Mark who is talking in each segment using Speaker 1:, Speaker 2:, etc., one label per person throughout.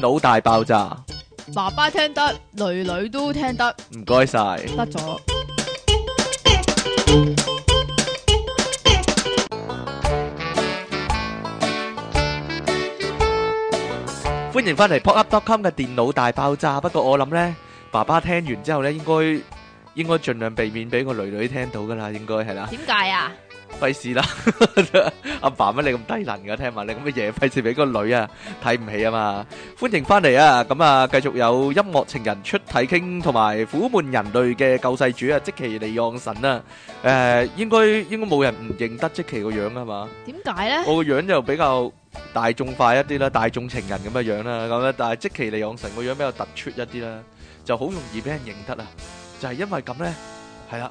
Speaker 1: 腦大爆炸，
Speaker 2: 爸爸聽得，女女都聽得，
Speaker 1: 唔該晒，得咗。歡迎翻嚟 poker dot com 嘅電腦大爆炸。不過我諗咧，爸爸聽完之後咧，應該應該盡量避免俾個女女聽到噶啦，應該係啦。點解啊？費事啦，阿爸乜你咁低能噶？聽埋你咁嘅嘢，費事俾個女啊睇唔起啊嘛！歡迎翻嚟啊，咁啊繼續有音樂情人出體 king，同埋苦悶人類嘅救世主啊，積淇離岸神啊！誒，應該應該冇人唔認得積淇個樣啊嘛？點解咧？我個樣就比較大眾化一啲啦，大眾情人咁嘅樣啦，咁咧但係積淇離岸神個樣比較突出一啲啦，就好容易俾人認得啊！就係因為咁咧，係啦。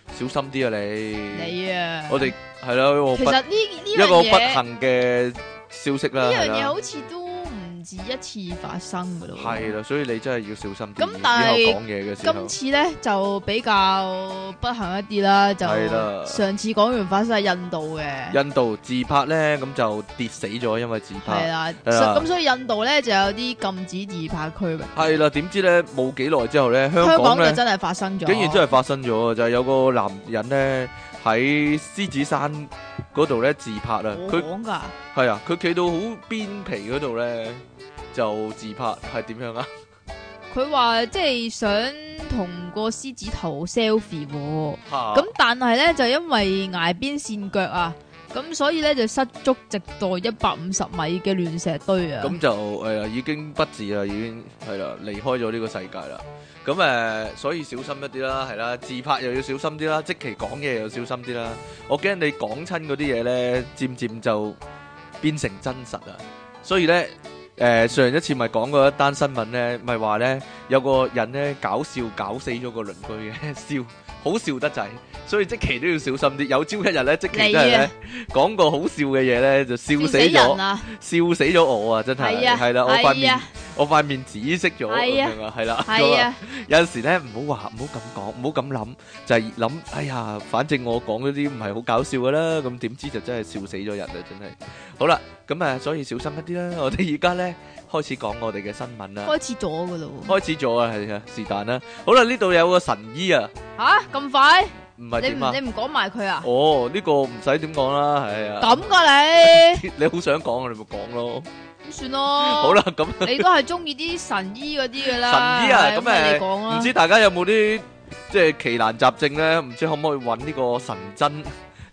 Speaker 1: 小心啲啊！你你啊， 我哋係咯，其實呢呢一個不，一個不幸嘅消息啦。呢樣嘢好
Speaker 2: 似都。只一次發生
Speaker 1: 嘅咯，係 啦樂，所以你真係要小心啲。咁但係講嘢嘅今次
Speaker 2: 咧就比較不幸一啲啦，就上次講完發生喺印度嘅，印
Speaker 1: 度自拍咧咁就跌死咗，因為自拍係啦，咁了的所
Speaker 2: 以印度咧就有啲禁止自拍區域。係
Speaker 1: 啦，點知咧冇幾耐之後咧，香港咧真
Speaker 2: 係發生咗，竟然真係
Speaker 1: 發生咗，就係、是、有個男人咧喺獅子山嗰度咧自拍啊，佢講㗎，係啊，佢企到好邊皮嗰度咧。就自拍係點樣啊？
Speaker 2: 佢話即係想同個獅子頭 selfie
Speaker 1: 喎，咁
Speaker 2: 但係咧就因為挨邊跣腳啊，咁所以咧就失足跌墮一百五十米嘅亂石堆啊！咁
Speaker 1: 就誒已經不治啦，已經係啦離開咗呢個世界啦。咁誒，所以小心一啲啦，係啦，自拍又要小心啲啦，即其講嘢又要小心啲啦。我驚你講親嗰啲嘢咧，漸漸就變成真實啊！所以咧。誒、呃、上一次咪講過一單新聞咧，咪話咧有個人咧搞笑搞死咗個鄰居嘅，笑，好笑得滯，所以積淇都要小心啲。有朝一日咧積淇都係咧講個好笑嘅嘢咧就笑死咗，笑死咗、啊、我啊！真係係、哎、呀啦，我塊面、哎。我塊面紫色咗，係啊，係啦，係啊，有陣時咧唔好話，唔好咁講，唔好咁諗，就係諗，哎呀，反正我講嗰啲唔係好搞笑噶啦，咁點知就真係笑死咗人啦，真係。好啦，咁啊，所以小心一啲啦。我哋而家咧開始講我哋嘅新聞啦，開
Speaker 2: 始咗噶咯，開
Speaker 1: 始咗啊，係啊，是但啦。好啦，呢度有個神醫啊，吓？
Speaker 2: 咁快？唔係點啊？你唔，你唔講埋佢啊？
Speaker 1: 哦，呢個唔使點講啦，係啊，咁噶你，你好想講啊，你咪講咯。
Speaker 2: 算咯，好啦，咁你都係中意啲神醫嗰啲嘅啦。神醫啊，咁你講啊，唔知
Speaker 1: 大家有冇啲即係奇難雜症咧？唔知可唔可以搵呢個神僧？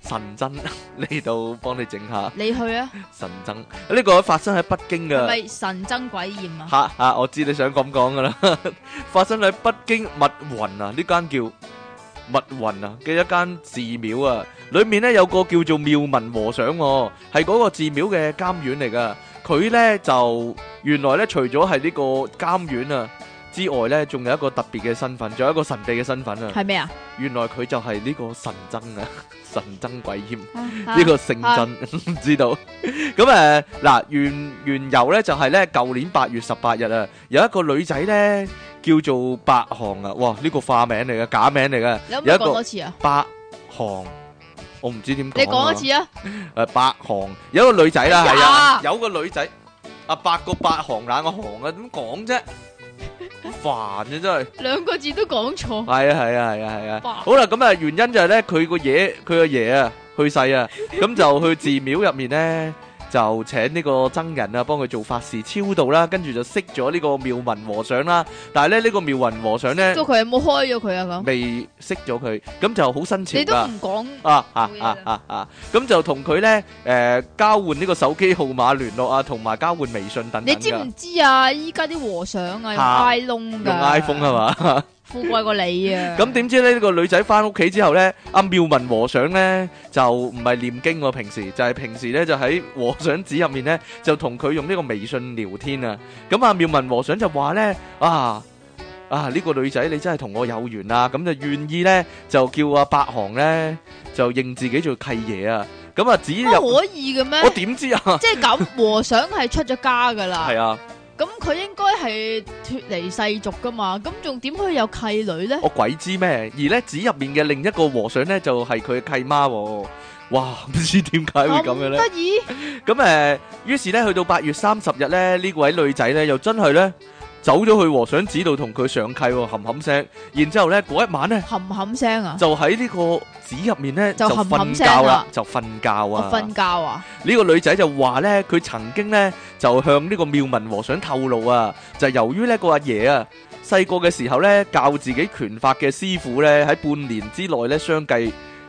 Speaker 1: 神僧，嚟度幫你整下？你去啊！神僧！呢、呢個發生喺北京嘅，係咪
Speaker 2: 神憎鬼厭啊？吓
Speaker 1: 吓，我知你想咁講噶啦， 發生喺北京密雲啊，呢間叫密雲啊嘅一間寺廟啊，裏面咧有個叫做妙文和尚、啊，我係嗰個寺廟嘅監院嚟噶。佢咧就原來咧，除咗係呢個監院啊之外咧，仲有一個特別嘅身份，仲有一個神秘嘅身份啊！係咩啊？原來佢就係呢個神僧啊，神憎鬼厭呢、啊啊、個聖僧，唔、啊、知道？咁誒嗱原原由咧就係、是、咧，舊年八月十八日啊，有一個女仔咧叫做白航啊，哇！呢、這個化名嚟嘅，假名嚟嘅，可可有一個次、啊、白航。我唔知點講、啊，你講一次啊！誒，八行有一個女仔啦，係、哎、呀啊，有個女仔啊，八個八行，冷個行啊，點講啫？好煩啊，真係
Speaker 2: 兩個字都講錯，
Speaker 1: 係啊，係啊，係啊，係啊，八好啦、啊，咁、嗯、啊，原因就係咧，佢個爺，佢個爺啊，去世啊，咁就去寺廟入面咧。 就請呢個僧人啊，幫佢做法事超度啦，跟住就識咗呢個妙雲和尚啦。但係咧，呢、這個妙雲和尚呢，咁
Speaker 2: 佢有冇開咗佢啊？咁
Speaker 1: 未識咗佢，咁就好新潮你都唔講啊啊啊啊啊！咁、啊啊啊啊啊、就同佢呢，誒、呃、交換呢個手機號碼聯絡啊，同埋交換微信等等。你知唔
Speaker 2: 知啊？依家啲和尚啊，用 iPhone 㗎，用
Speaker 1: iPhone 係嘛？
Speaker 2: 富貴過你啊！咁
Speaker 1: 點知咧？呢個女仔翻屋企之後咧，阿妙文和尚咧就唔係念經喎，平時就係平時咧就喺和尚寺入面咧就同佢用呢個微信聊天啊！咁阿妙文和尚就話咧：啊啊呢個女仔你真係同我有緣啊！咁就願意咧就叫阿八行咧就認自己做契爺啊！咁啊，只入可以嘅咩？我點知啊？即係咁
Speaker 2: 和尚係出咗家噶啦，係啊。咁佢、嗯、應該係脫離世俗噶嘛，咁仲點可以有契女呢？我、
Speaker 1: 哦、鬼知咩？而呢寺入面嘅另一個和尚呢，就係、是、佢契媽、哦。哇，唔知點解會咁樣呢？得意、嗯。咁誒，於、 嗯、是呢，去到八月三十日呢，呢位女仔呢，又真係呢。走咗去和尚寺度同佢上契、喔，冚冚聲，然之後咧嗰一晚呢，冚冚聲啊，就喺呢個寺入面呢，就瞓覺啦，就瞓覺啊，瞓覺啊。呢個女仔就話呢，佢曾經呢，就向呢個妙文和尚透露啊，就係、由於呢、呢個阿爺啊細個嘅時候呢，教自己拳法嘅師傅呢，喺半年之內呢相繼。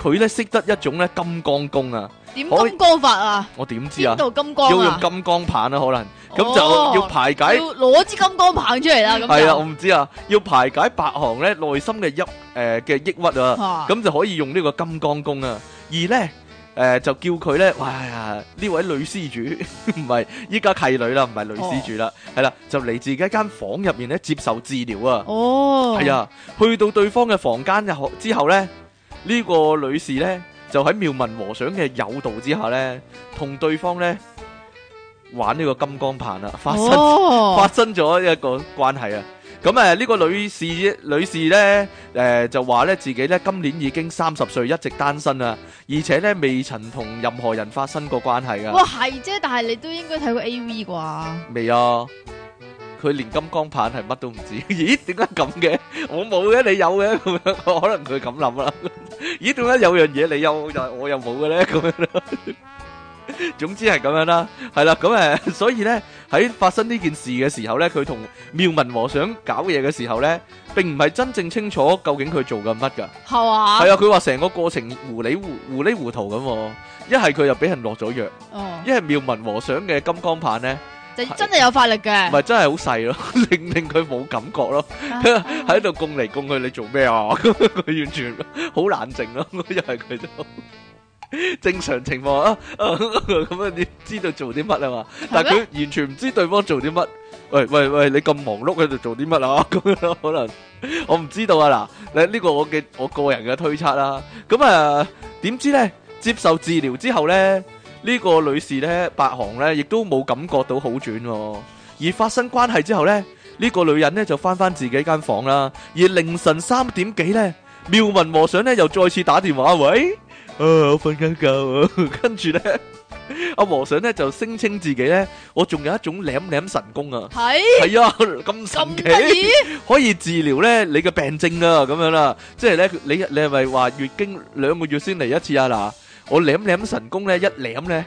Speaker 1: 佢咧識得一種咧金光功啊，點金
Speaker 2: 光法啊？
Speaker 1: 我點知啊？邊度金光啊？要用金光棒啦，可能咁就要排解，要攞
Speaker 2: 支金光棒出嚟啦。係啊，我
Speaker 1: 唔知啊，要排解白行咧內心嘅抑誒嘅抑鬱啊，咁就可以用呢個金光功啊。而咧誒就叫佢咧，哇呀！呢位女施主唔係依家契女啦，唔係女施主啦，係啦，就嚟自己一間房入面咧接受治療啊。
Speaker 2: 哦，係啊，
Speaker 1: 去到對方嘅房間之後咧。呢個女士呢，就喺妙文和尚嘅誘導之下呢，同對方呢玩呢個金剛棒啦，發生、哦、發生咗一個關係啊！咁，誒，呢、這個女士女士咧、誒、呃、就話呢自己呢今年已經三十歲，一直單身啊，而且呢未曾同任何人發生過關係㗎。哇，
Speaker 2: 係啫，但係你都應該睇過 A V 啩？
Speaker 1: 未啊。佢連金剛棒係乜都唔知，咦？點解咁嘅？我冇嘅，你有嘅咁樣，可能佢咁諗啦。咦？點解有樣嘢，你有，又我又冇嘅咧？咁樣咯。總之係咁樣啦，係啦。咁誒，所以咧喺發生呢件事嘅時候咧，佢同妙文和尚搞嘢嘅時候咧，並唔係真正清楚究竟佢做緊乜噶。
Speaker 2: 係嘛？係啊，佢
Speaker 1: 話成個過程糊裏糊糊裏糊塗咁。一係佢又俾人落咗藥。哦。一係妙文和尚嘅金剛棒咧。
Speaker 2: 你真係有法力嘅，唔
Speaker 1: 係真係好細咯，令令佢冇感覺咯，喺度供嚟供去，你做咩啊？佢完全好冷靜咯，我又係佢就正常情況啊，咁樣，你知道做啲乜啊嘛？但係佢完全唔知對方做啲乜。喂喂喂，你咁忙碌喺度做啲乜啊？咁樣可能我唔知道啊。嗱，呢呢個我嘅我個人嘅推測啦。咁啊，點知咧接受治療之後咧？呢個女士咧，白行咧，亦都冇感覺到好轉。而發生關係之後咧，呢個女人咧就翻翻自己間房啦。而凌晨三點幾咧，妙聞和尚咧又再次打電話，喂，啊，我瞓緊覺。跟住咧，阿和尚咧就聲稱自己咧，我仲有一種舐舐神功啊，係，係啊，咁神奇，可以治療咧你嘅病症啊，咁樣啦，即係咧，你你係咪話月經兩個月先嚟一次啊嗱？我舐舐神功咧，一舐咧，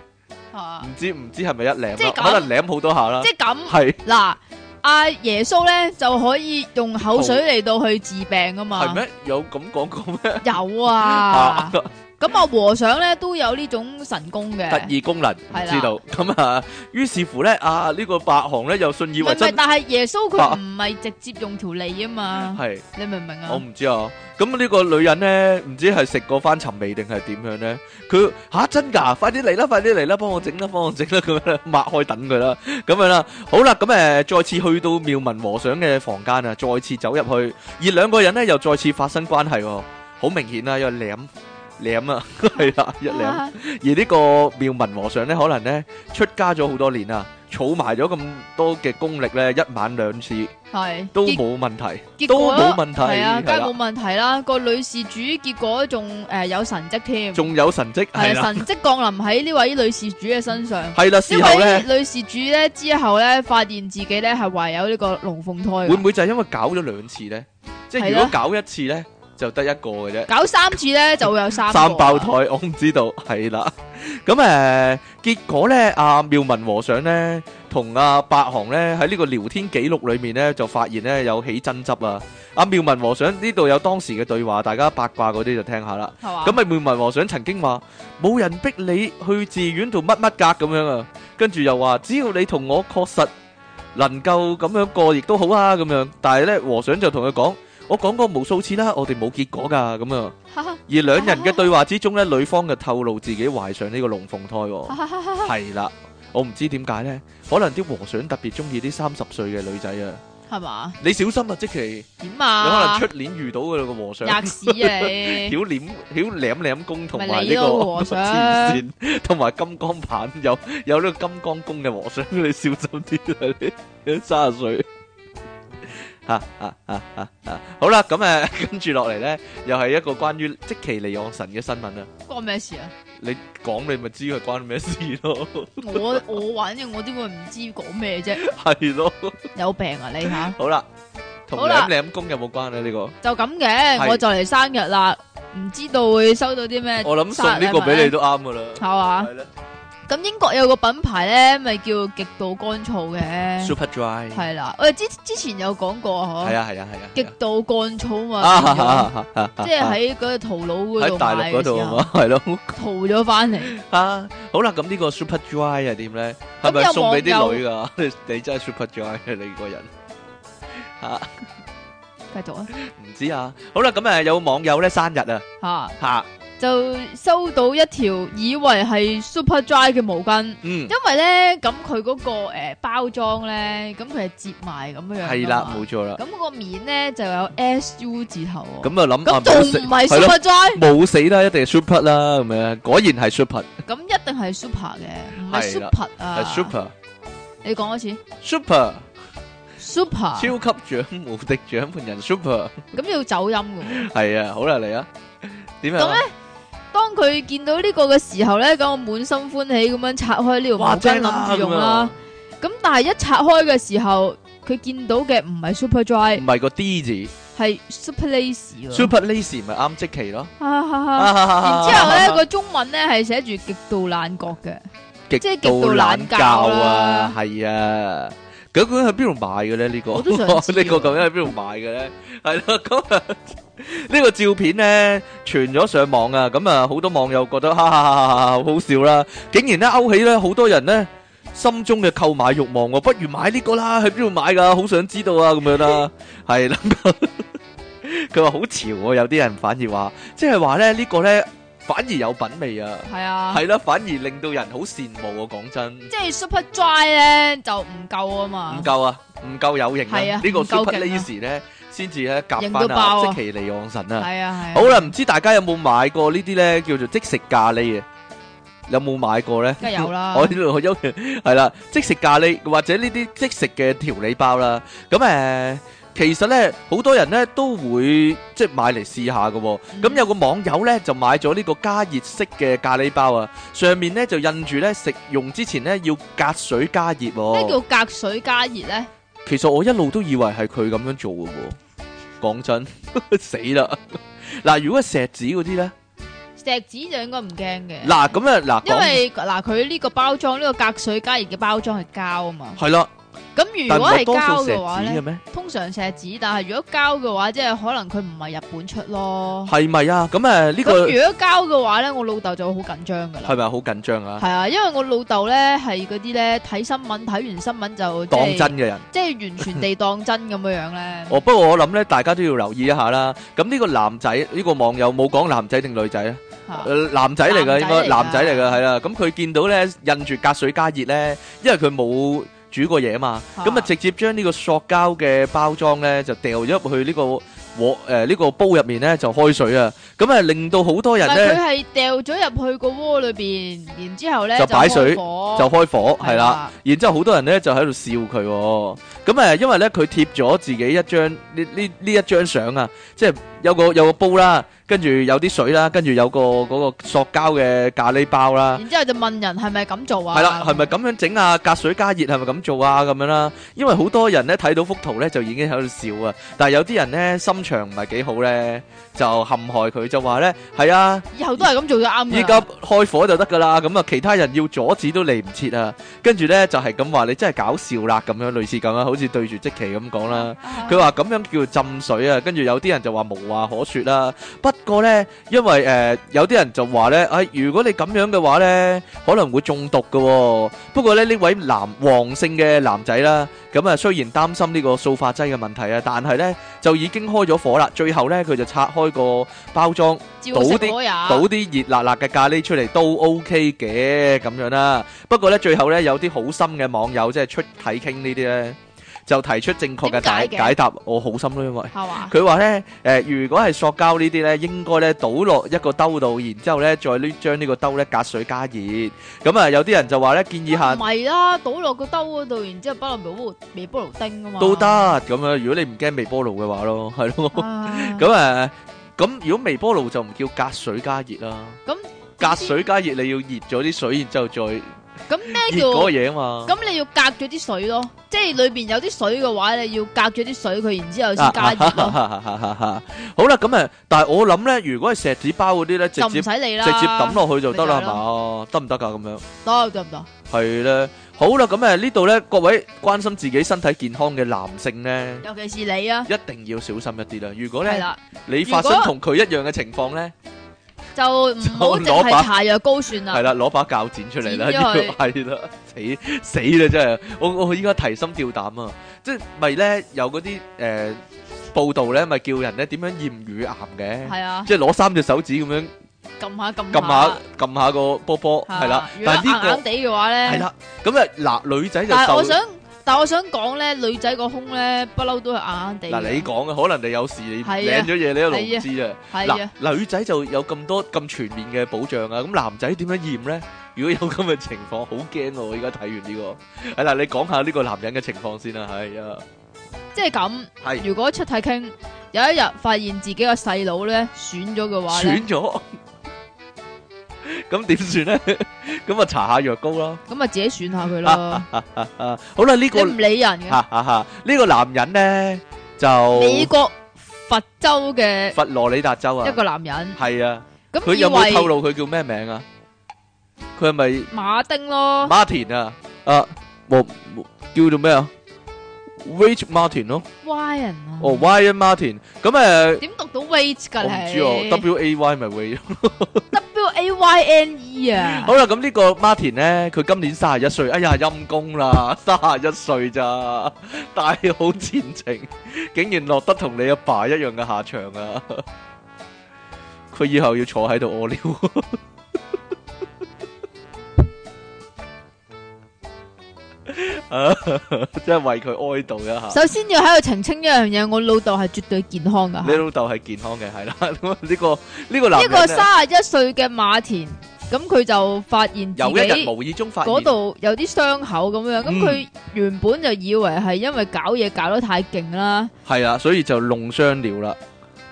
Speaker 1: 唔知唔知係咪一舐啊，可能舐好多下啦。即係咁，係嗱，
Speaker 2: 阿耶穌咧就可以用口水嚟到去治病㗎嘛。係咩？
Speaker 1: 有咁講過咩？有啊。
Speaker 2: 咁啊，和尚咧都有呢種神功嘅特
Speaker 1: 異功能，知道咁啊。於是乎咧，啊呢個白行咧又信以為真，但係
Speaker 2: 耶穌佢唔係直接用條脷啊嘛，係你明唔明啊？我唔
Speaker 1: 知啊。咁呢個女人咧，唔知係食過翻尋味定係點樣咧？佢吓真噶，快啲嚟啦，快啲嚟啦，幫我整啦，幫我整啦，咁樣抹開等佢啦，咁樣啦。好啦，咁誒，再次去到妙文和尚嘅房間啊，再次走入去，而兩個人咧又再次發生關係，好明顯啊，又舐。舐啊，係啦一舐。而呢個妙文和尚咧，可能咧出家咗好多年啊，儲埋咗咁多嘅功力咧，一晚兩次
Speaker 2: 係都冇
Speaker 1: 問題，都冇問題係啊，梗冇
Speaker 2: 問題啦。個女事主結果仲誒有神跡添，仲
Speaker 1: 有神跡係神
Speaker 2: 跡降臨喺呢位依女事主嘅身上係啦。之後咧，女事主咧之後咧發現自己咧係懷有呢個龍鳳胎，會唔
Speaker 1: 會就係因為搞咗兩次咧？即係如果搞一次咧？就得一個嘅啫，搞
Speaker 2: 三次咧就會有三三
Speaker 1: 胞胎，我唔知道係啦。咁誒，結果咧，阿妙文和尚咧同阿白航咧喺呢個聊天記錄裏面咧就發現咧有起爭執啊。阿妙文和尚呢度有當時嘅對話，大家八卦嗰啲就聽下啦。係嘛？咁咪妙文和尚曾經話冇人逼你去寺院同乜乜格咁樣啊，跟住又話只要你同我確實能夠咁樣過亦都好啊咁樣。但係咧和尚就同佢講。我講過無數次啦，我哋冇結果噶咁啊。而兩人嘅對話之中咧，女方就透露自己懷上呢個龍鳳胎。係啦，我唔知點解咧，可能啲和尚特別中意啲三十歲嘅女仔啊。係嘛？你小心啊，積淇點啊？你可能出年遇到個和尚。壓死你！少林少林林功同埋呢個和尚，同埋金剛棒有有呢個金剛功嘅和尚，你小心啲啊！你三十歲。吓吓吓吓吓！好啦，咁誒，跟住落嚟咧，又係一個關於積淇離岸神嘅新聞啦。關咩事啊？你講，你咪知佢關咩事咯。
Speaker 2: 我我玩嘅，我點會唔知講咩啫？
Speaker 1: 係咯，有
Speaker 2: 病啊你吓！
Speaker 1: 好啦，同你兩兩公有冇關咧？呢個
Speaker 2: 就咁嘅，我就嚟生日啦，唔知道會收到啲咩。我諗送呢個俾你都啱噶啦。係嘛？係啦。咁英國有個品牌咧，咪叫極度乾燥嘅。Super dry。係啦，我哋之之前有講過呵。係啊，係啊，係啊。極度乾燥啊嘛，即係喺嗰個淘佬嗰度賣嘅。喺大陸嗰度
Speaker 1: 係咯，
Speaker 2: 淘咗翻嚟。啊，
Speaker 1: 好啦，咁呢個 super dry 係點咧？係咪送俾啲女㗎？你真係 super dry 你個人
Speaker 2: 嚇？繼續啊。唔
Speaker 1: 知啊。好啦，咁誒有網友咧生日啊。嚇
Speaker 2: 嚇。就收到一條，以為係 superdry 嘅毛巾，因為咧咁佢嗰個誒包裝咧，咁佢係折埋咁樣樣，係啦，冇錯啦。咁個面咧就有 su 字頭，咁啊諗啊，咁仲唔係 superdry？冇
Speaker 1: 死啦，一定係 super 啦，咁樣啊，果然係 super。
Speaker 2: 咁一定係 super 嘅，唔係 super 啊。super 你講多次
Speaker 1: ，super super 超級獎無敵獎盤人 super，
Speaker 2: 咁要走音噶，
Speaker 1: 係啊，好啦，你啊，點樣啊？
Speaker 2: 當佢見到呢個嘅時候咧，咁我滿心歡喜咁樣拆開呢條毛巾諗住用啦。咁但係一拆開嘅時候，佢見到嘅唔係 Super Dry，
Speaker 1: 唔係個 D 字，
Speaker 2: 係 Super Lazy。Super
Speaker 1: Lazy 咪啱即期咯。
Speaker 2: 然之後咧個中文咧係寫住極度懶覺嘅，即係極度懶覺啊，
Speaker 1: 係啊。究竟喺邊度買嘅咧？呢、呢個呢 個究竟喺邊度買嘅咧？係啦，咁啊呢個照片咧傳咗上網啊，咁啊好多網友覺得，哈哈，哈，哈，好好笑啦！竟然咧勾起咧好多人咧心中嘅購買欲望，我不如買呢個啦，去邊度買噶？好想知道啊，咁樣啦，係啦。佢話好潮啊，有啲人反而話，即係話咧呢個咧。反而有品味啊，係啊，係啦，反而令到人好羨慕啊！講真，
Speaker 2: 即係 super dry 咧就唔夠啊嘛，唔
Speaker 1: 夠啊，唔夠有型啊！呢個 super lazy 咧先至咧夾翻啊，積淇離岸神啊！係啊
Speaker 2: 係，好
Speaker 1: 啦，唔知大家有冇買過呢啲咧叫做即食咖喱嘅？有冇買過咧？梗係有啦，我呢度好有，係啦，即食咖喱或者呢啲即食嘅調理包啦，咁誒。其實咧，好多人咧都會即係買嚟試下噶。咁、嗯、有個網友咧就買咗呢個加熱式嘅咖喱包啊，上面咧就印住咧，食用之前咧要隔水加熱。咩叫
Speaker 2: 隔水加熱咧？
Speaker 1: 其實我一路都以為係佢咁樣做噶喎。講真， 死啦！嗱，如果係錫紙嗰啲咧，
Speaker 2: 錫紙就應該唔驚嘅。嗱
Speaker 1: 咁啊，嗱，因為
Speaker 2: 嗱佢呢個包裝呢、呢個隔水加熱嘅包裝係膠啊嘛。係啦。咁如果係膠嘅話咧，通常錫紙。但係如果膠嘅話，即係可能佢唔係日本出咯。係
Speaker 1: 咪啊？咁誒，呢個如果
Speaker 2: 膠嘅話咧，我老豆就會好緊張噶
Speaker 1: 啦。係咪啊？好緊張啊！係
Speaker 2: 啊，因為我老豆咧係嗰啲咧睇新聞，睇完新聞就當真嘅人，即係完全地當真咁樣樣咧。哦，
Speaker 1: 不過我諗咧，大家都要留意一下啦。咁呢個男仔呢個網友冇講男仔定女仔啊？男仔嚟噶應該，男仔嚟噶係啦。咁佢見到咧印住隔水加熱咧，因為佢冇。煮過嘢啊嘛，咁啊直接將呢個塑膠嘅包裝咧就掉咗入去呢個鑊，誒呢個煲入面咧就開水啊，咁啊令到好多人咧，佢係
Speaker 2: 掉咗入去個鍋裏邊，然之後咧就擺水火
Speaker 1: 就開火係啦，然之後好多人咧就喺度笑佢，咁啊因為咧佢貼咗自己一張呢呢呢一張相啊，即係。有個有個煲啦，跟住有啲水啦，跟住有個嗰個塑膠嘅咖喱包啦，然
Speaker 2: 之後就問人係咪咁做啊？係啦，係
Speaker 1: 咪咁樣整啊？隔水加熱係咪咁做啊？咁樣啦，因為好多人咧睇到幅圖咧就已經喺度笑啊，但係有啲人咧心腸唔係幾好咧，就陷害佢就話咧係啊，
Speaker 2: 以後都係咁做嘅啱。依家
Speaker 1: 開火就得噶啦，咁啊其他人要阻止都嚟唔切啊。跟住咧就係咁話，你真係搞笑啦咁樣，類似咁樣，好似對住積淇咁講啦。佢話咁樣叫做浸水啊，跟住有啲人就話冇。話可說啦，不過呢，因為誒、呃、有啲人就話呢，誒、哎、如果你咁樣嘅話呢，可能會中毒嘅，哦。不過呢，呢位男王姓嘅男仔啦，咁啊雖然擔心呢個塑化劑嘅問題啊，但係呢，就已經開咗火啦。最後呢，佢就拆開個包裝，倒啲倒啲熱辣辣嘅咖喱出嚟都 OK 嘅咁樣啦。不過呢，最後呢，有啲好心嘅網友即係出體 king 呢啲呢，就提出正確嘅解解答，我好心咯，因為佢話咧，誒、呃，如果係塑膠呢啲咧，應該咧倒落一個兜度，然之後咧再呢將呢個兜咧隔水加熱。咁、嗯、啊，有啲人就話咧建議下，唔係
Speaker 2: 啦，倒落個兜度，然之後擺落微波微波爐叮啊嘛，都得
Speaker 1: 咁樣。如果你唔驚微波爐嘅話咯，係咯、uh，咁誒、 嗯，咁、嗯、如果微波爐就唔叫隔水加熱啦。咁、
Speaker 2: 嗯、隔水加
Speaker 1: 熱你要熱咗啲水，然之後再。
Speaker 2: 咁咩叫？熱嗰個嘢啊嘛。咁你要隔咗啲水咯，即係裏邊有啲水嘅話咧，你要隔咗啲水佢，然之後先加熱咯。
Speaker 1: 好啦，咁啊，但係我諗咧，如果係錫紙包嗰啲咧，就唔使理啦，直接抌落去就得啦，係嘛？得唔得噶？咁樣得，得唔得？係咧，好啦，咁啊，呢度咧，各位關心自己身體健康嘅男性咧，尤
Speaker 2: 其是你啊，
Speaker 1: 一定要小心一啲啦。如果咧，你發生同佢一樣嘅情況咧。
Speaker 2: 就唔好淨係攞把藥膏算啦，係啦，
Speaker 1: 攞把鉸剪出嚟啦，係啦，死死啦真係，我我依家提心吊膽啊，即係咪咧有嗰啲誒報道咧咪叫人咧點樣驗乳癌嘅，係啊，即係攞三隻手指咁樣撳
Speaker 2: 下撳下撳下
Speaker 1: 撳下個波波，係啦，但係呢個硬硬
Speaker 2: 地嘅話咧，係啦，
Speaker 1: 咁啊嗱女仔就受但係我想。
Speaker 2: 但我想講咧，女仔個胸咧，不嬲都係硬硬地、啊。嗱、啊，你
Speaker 1: 講啊，可能你有事，你領咗嘢你一路唔知啊。嗱、啊，女仔就有咁多咁全面嘅保障啊。咁男仔點樣驗咧？如果有咁嘅情況，好驚、啊、我而家睇完呢、這個。係、啊、啦，你講下呢個男人嘅情況先啦。係啊，
Speaker 2: 即係咁。係的如果出體傾，有一日發現自己個細佬咧損咗嘅話，損
Speaker 1: 咗。咁點算咧？咁啊搽下藥膏咯，
Speaker 2: 咁啊自己選下佢咯。啊，
Speaker 1: 好啦，呢個你唔理人嘅。呢個男人咧就美國
Speaker 2: 佛州嘅
Speaker 1: 佛羅里達州啊，一個男人係啊。
Speaker 2: 咁佢有冇透露
Speaker 1: 佢叫咩名啊？佢係咪
Speaker 2: 馬丁咯？馬田
Speaker 1: 啊，啊冇叫做咩啊？Wayne Martin 咯
Speaker 2: ，Wayne
Speaker 1: 咯，哦 Wayne Martin，咁誒，
Speaker 2: 點讀到 Wayne 噶咧？唔知
Speaker 1: 哦，W A Y 咪 Way
Speaker 2: 咯，W A Y N E
Speaker 1: 啊。好啦，咁呢個 Martin 咧，佢今年卅一歲，哎呀陰公啦，卅一歲咋，大好前程，竟然落得同你阿爸一樣嘅下場啊！佢以後要坐喺度屙尿。啊，即係 為佢哀悼一下。首先
Speaker 2: 要喺度澄清一樣嘢，我老豆係絕對健康噶。
Speaker 1: 你老豆係健康嘅，係啦。呢個呢個呢個三十
Speaker 2: 一歲嘅馬田，咁佢就發現自己有一日無意中發現嗰度有啲傷口咁樣。咁佢原本就以為係因為搞嘢搞得太勁啦。
Speaker 1: 係啊，所以就弄傷了啦。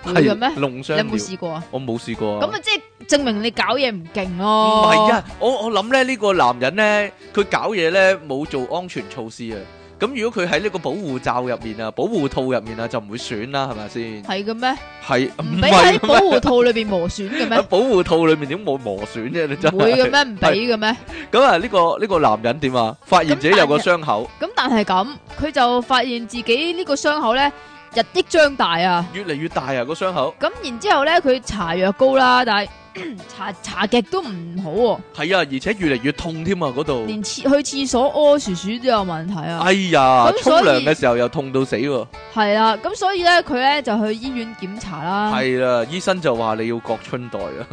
Speaker 1: 係嘅咩？你有冇試過？我冇試過。咁啊，即
Speaker 2: 係證明你搞嘢唔勁咯。唔係啊，
Speaker 1: 我我諗咧，呢個男人咧，佢搞嘢咧冇做安全措施啊。咁如果佢喺呢個保護罩入面啊，保護套入面啊，就唔會損啦，係咪先？係嘅咩？係唔俾喺保護套裏邊磨損嘅咩？保護套裏面點冇磨損啫？你真會嘅咩？唔俾嘅咩？咁啊，呢個呢個男人點啊？發現自己有個傷口。
Speaker 2: 咁但係咁，佢就發現自己呢個傷口咧。日益張大啊，
Speaker 1: 越嚟越大啊個傷口。
Speaker 2: 咁然之後咧，佢搽藥膏啦，但係搽搽極都唔好。
Speaker 1: 係啊，而且越嚟越痛添啊，嗰度連
Speaker 2: 廁去廁所屙屎屎都有問題啊。哎呀，沖涼嘅
Speaker 1: 時候又痛到死喎。
Speaker 2: 係啊，咁所以咧，佢咧就去醫院檢查啦。係
Speaker 1: 啦，醫生就話你要割春袋啊。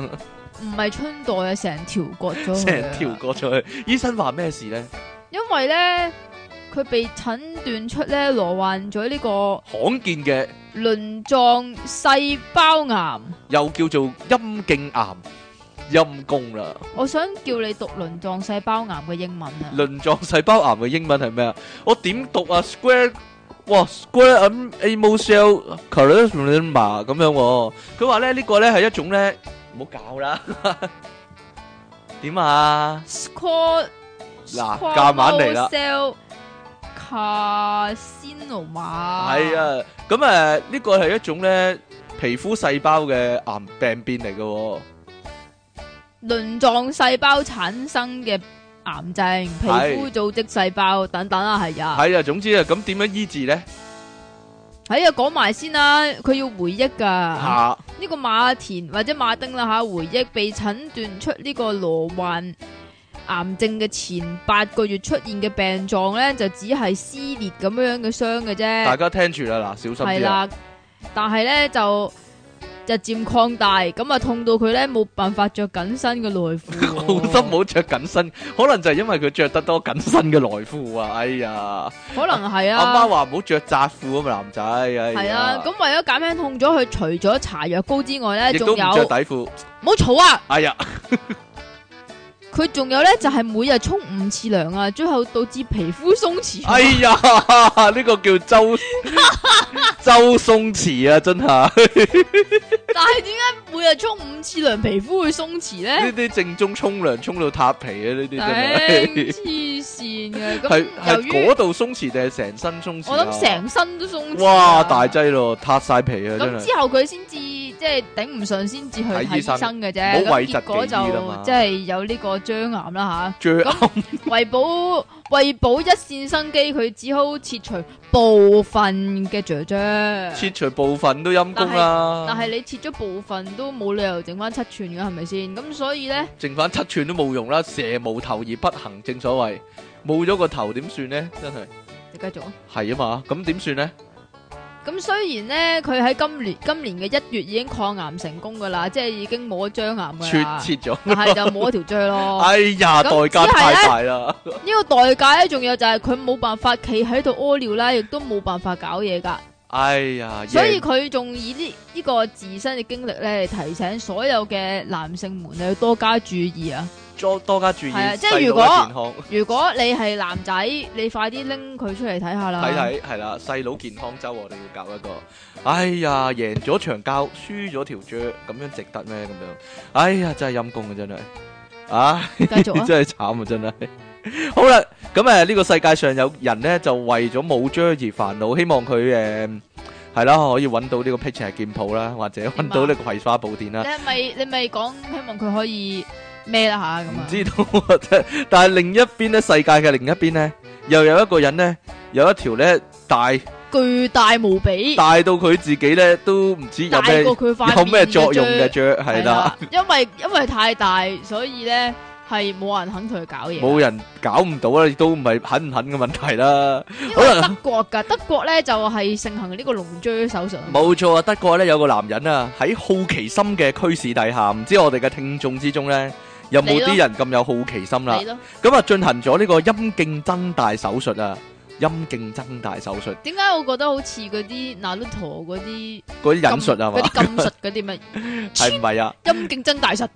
Speaker 2: 唔係春袋啊，成條割咗，成條
Speaker 1: 割咗去。醫生話咩事咧？
Speaker 2: 因為咧。佢被診斷出咧，罹患咗呢個
Speaker 1: 罕見嘅
Speaker 2: 鱗狀細胞癌，
Speaker 1: 又叫做陰莖癌、陰功啦。
Speaker 2: 我想叫你讀鱗狀細胞癌嘅英文啊！
Speaker 1: 鱗狀細胞癌嘅英文係咩啊？我點讀啊？Square，哇，square and amoeba cell，colored tumor 咁樣。佢話咧，呢個咧係一種咧，唔好搞啦。點啊
Speaker 2: ？Square，
Speaker 1: 嗱，夾硬嚟啦。
Speaker 2: 下仙
Speaker 1: 羅馬係啊，咁誒呢個係一種咧皮膚細胞嘅癌病變嚟嘅。哦，
Speaker 2: 鱗狀細胞產生嘅癌症，皮膚組織細,細,細胞等等啊，係啊，係
Speaker 1: 啊，總之啊，咁點樣醫治咧？
Speaker 2: 係啊，講埋先啦，佢要回憶噶，呢、啊、個馬田或者馬丁啦吓，回憶被診斷出呢個羅患。癌症嘅前八個月出現嘅病狀咧，就只係撕裂咁樣嘅傷嘅啫。大
Speaker 1: 家聽住啦，嗱，小心啲。係啦，
Speaker 2: 但係咧就日漸擴大，咁啊痛到佢咧冇辦法着緊身嘅內褲，
Speaker 1: 好心唔好着緊身，可能就係因為佢着得多緊身嘅內褲啊！哎呀，
Speaker 2: 可能係啊。阿媽話
Speaker 1: 唔好着窄褲啊嘛，男仔。係啊，咁
Speaker 2: 為咗減輕痛咗，佢除咗搽藥膏之外咧，仲有唔着底褲。唔好嘈啊！哎呀。 佢仲有咧，就係、是、每日沖五次涼啊，最後導致皮膚鬆弛。哎呀，
Speaker 1: 呢、這個叫周 周鬆弛啊，真係。 但
Speaker 2: 係點解每日沖五次涼皮膚會鬆弛咧？呢啲
Speaker 1: 正宗沖涼沖到塌皮啊！呢啲真係黐
Speaker 2: 線啊。係係嗰度
Speaker 1: 鬆弛定係成身鬆弛啊？我諗成
Speaker 2: 身都鬆弛啊。哇，大
Speaker 1: 劑咯，塌晒皮啊，真係。之
Speaker 2: 後佢先至。即係頂唔順先至去睇醫生嘅啫，結果就即係有呢個腸癌啦吓。腸癌最暗 為保 為保一線生機，佢只好切除部分嘅腸啫。切
Speaker 1: 除部分都陰功啦。但係
Speaker 2: 你切咗部分都冇理由剩翻七寸噶，係咪先？咁所以咧，
Speaker 1: 剩翻七寸都冇用啦，蛇無頭而不行，正所謂冇咗個頭點算咧？真係你繼續啊。係啊嘛，咁點算咧？
Speaker 2: 咁雖然咧，佢喺今年今年嘅一月已經抗癌成功噶啦，即係已經冇咗張癌噶啦，係切就冇咗條脹咯。哎呀，那代價太大啦！呢 個代價咧，仲有就係佢冇辦法企喺度屙尿啦，亦都冇辦法搞嘢噶。
Speaker 1: 哎呀，所以佢
Speaker 2: 仲以呢呢、這個自身嘅經歷咧，提醒所有嘅男性們你要多加注意啊！
Speaker 1: 多多加注意細佬健康。如果
Speaker 2: 你係男仔，你快啲拎佢出嚟睇下啦。睇睇
Speaker 1: 係啦，細佬健康周我哋要搞一個。哎呀，贏咗場交，輸咗條雀，咁樣值得咩？咁樣，哎呀，真係陰公呀，真係。唉，繼續啊，真係慘啊真係。好啦，咁誒呢個世界上有人咧就為咗冇雀而煩惱，希望佢誒係啦可以揾到呢個辟邪劍譜啦，或者揾到呢個葵花寶典啦。你係
Speaker 2: 咪你咪講希望佢可以？咩啦吓咁
Speaker 1: 啊？唔知道，但係另一邊咧，世界嘅另一邊咧，又有一個人咧，有一條咧大
Speaker 2: 巨大無比，大
Speaker 1: 到佢自己咧都唔知有咩有咩作用嘅着係啦。
Speaker 2: 因為因為太大，所以咧係冇人肯同佢搞嘢。冇
Speaker 1: 人搞唔到啦，亦都唔係肯唔肯嘅問題啦。因為德
Speaker 2: 國噶，德國咧就係盛行呢個龍椎手術。冇
Speaker 1: 錯啊，德國咧有個男人啊，喺好奇心嘅驅使底下，唔知我哋嘅聽眾之中咧。有冇啲人咁有好奇心啦？咁啊，進行咗呢個陰莖增大手術啊！陰莖增大手術，
Speaker 2: 點解我覺得好似嗰啲 Naruto 嗰啲
Speaker 1: 嗰啲忍術係嘛？嗰啲禁
Speaker 2: 術嗰啲咩係唔係啊？陰莖增大術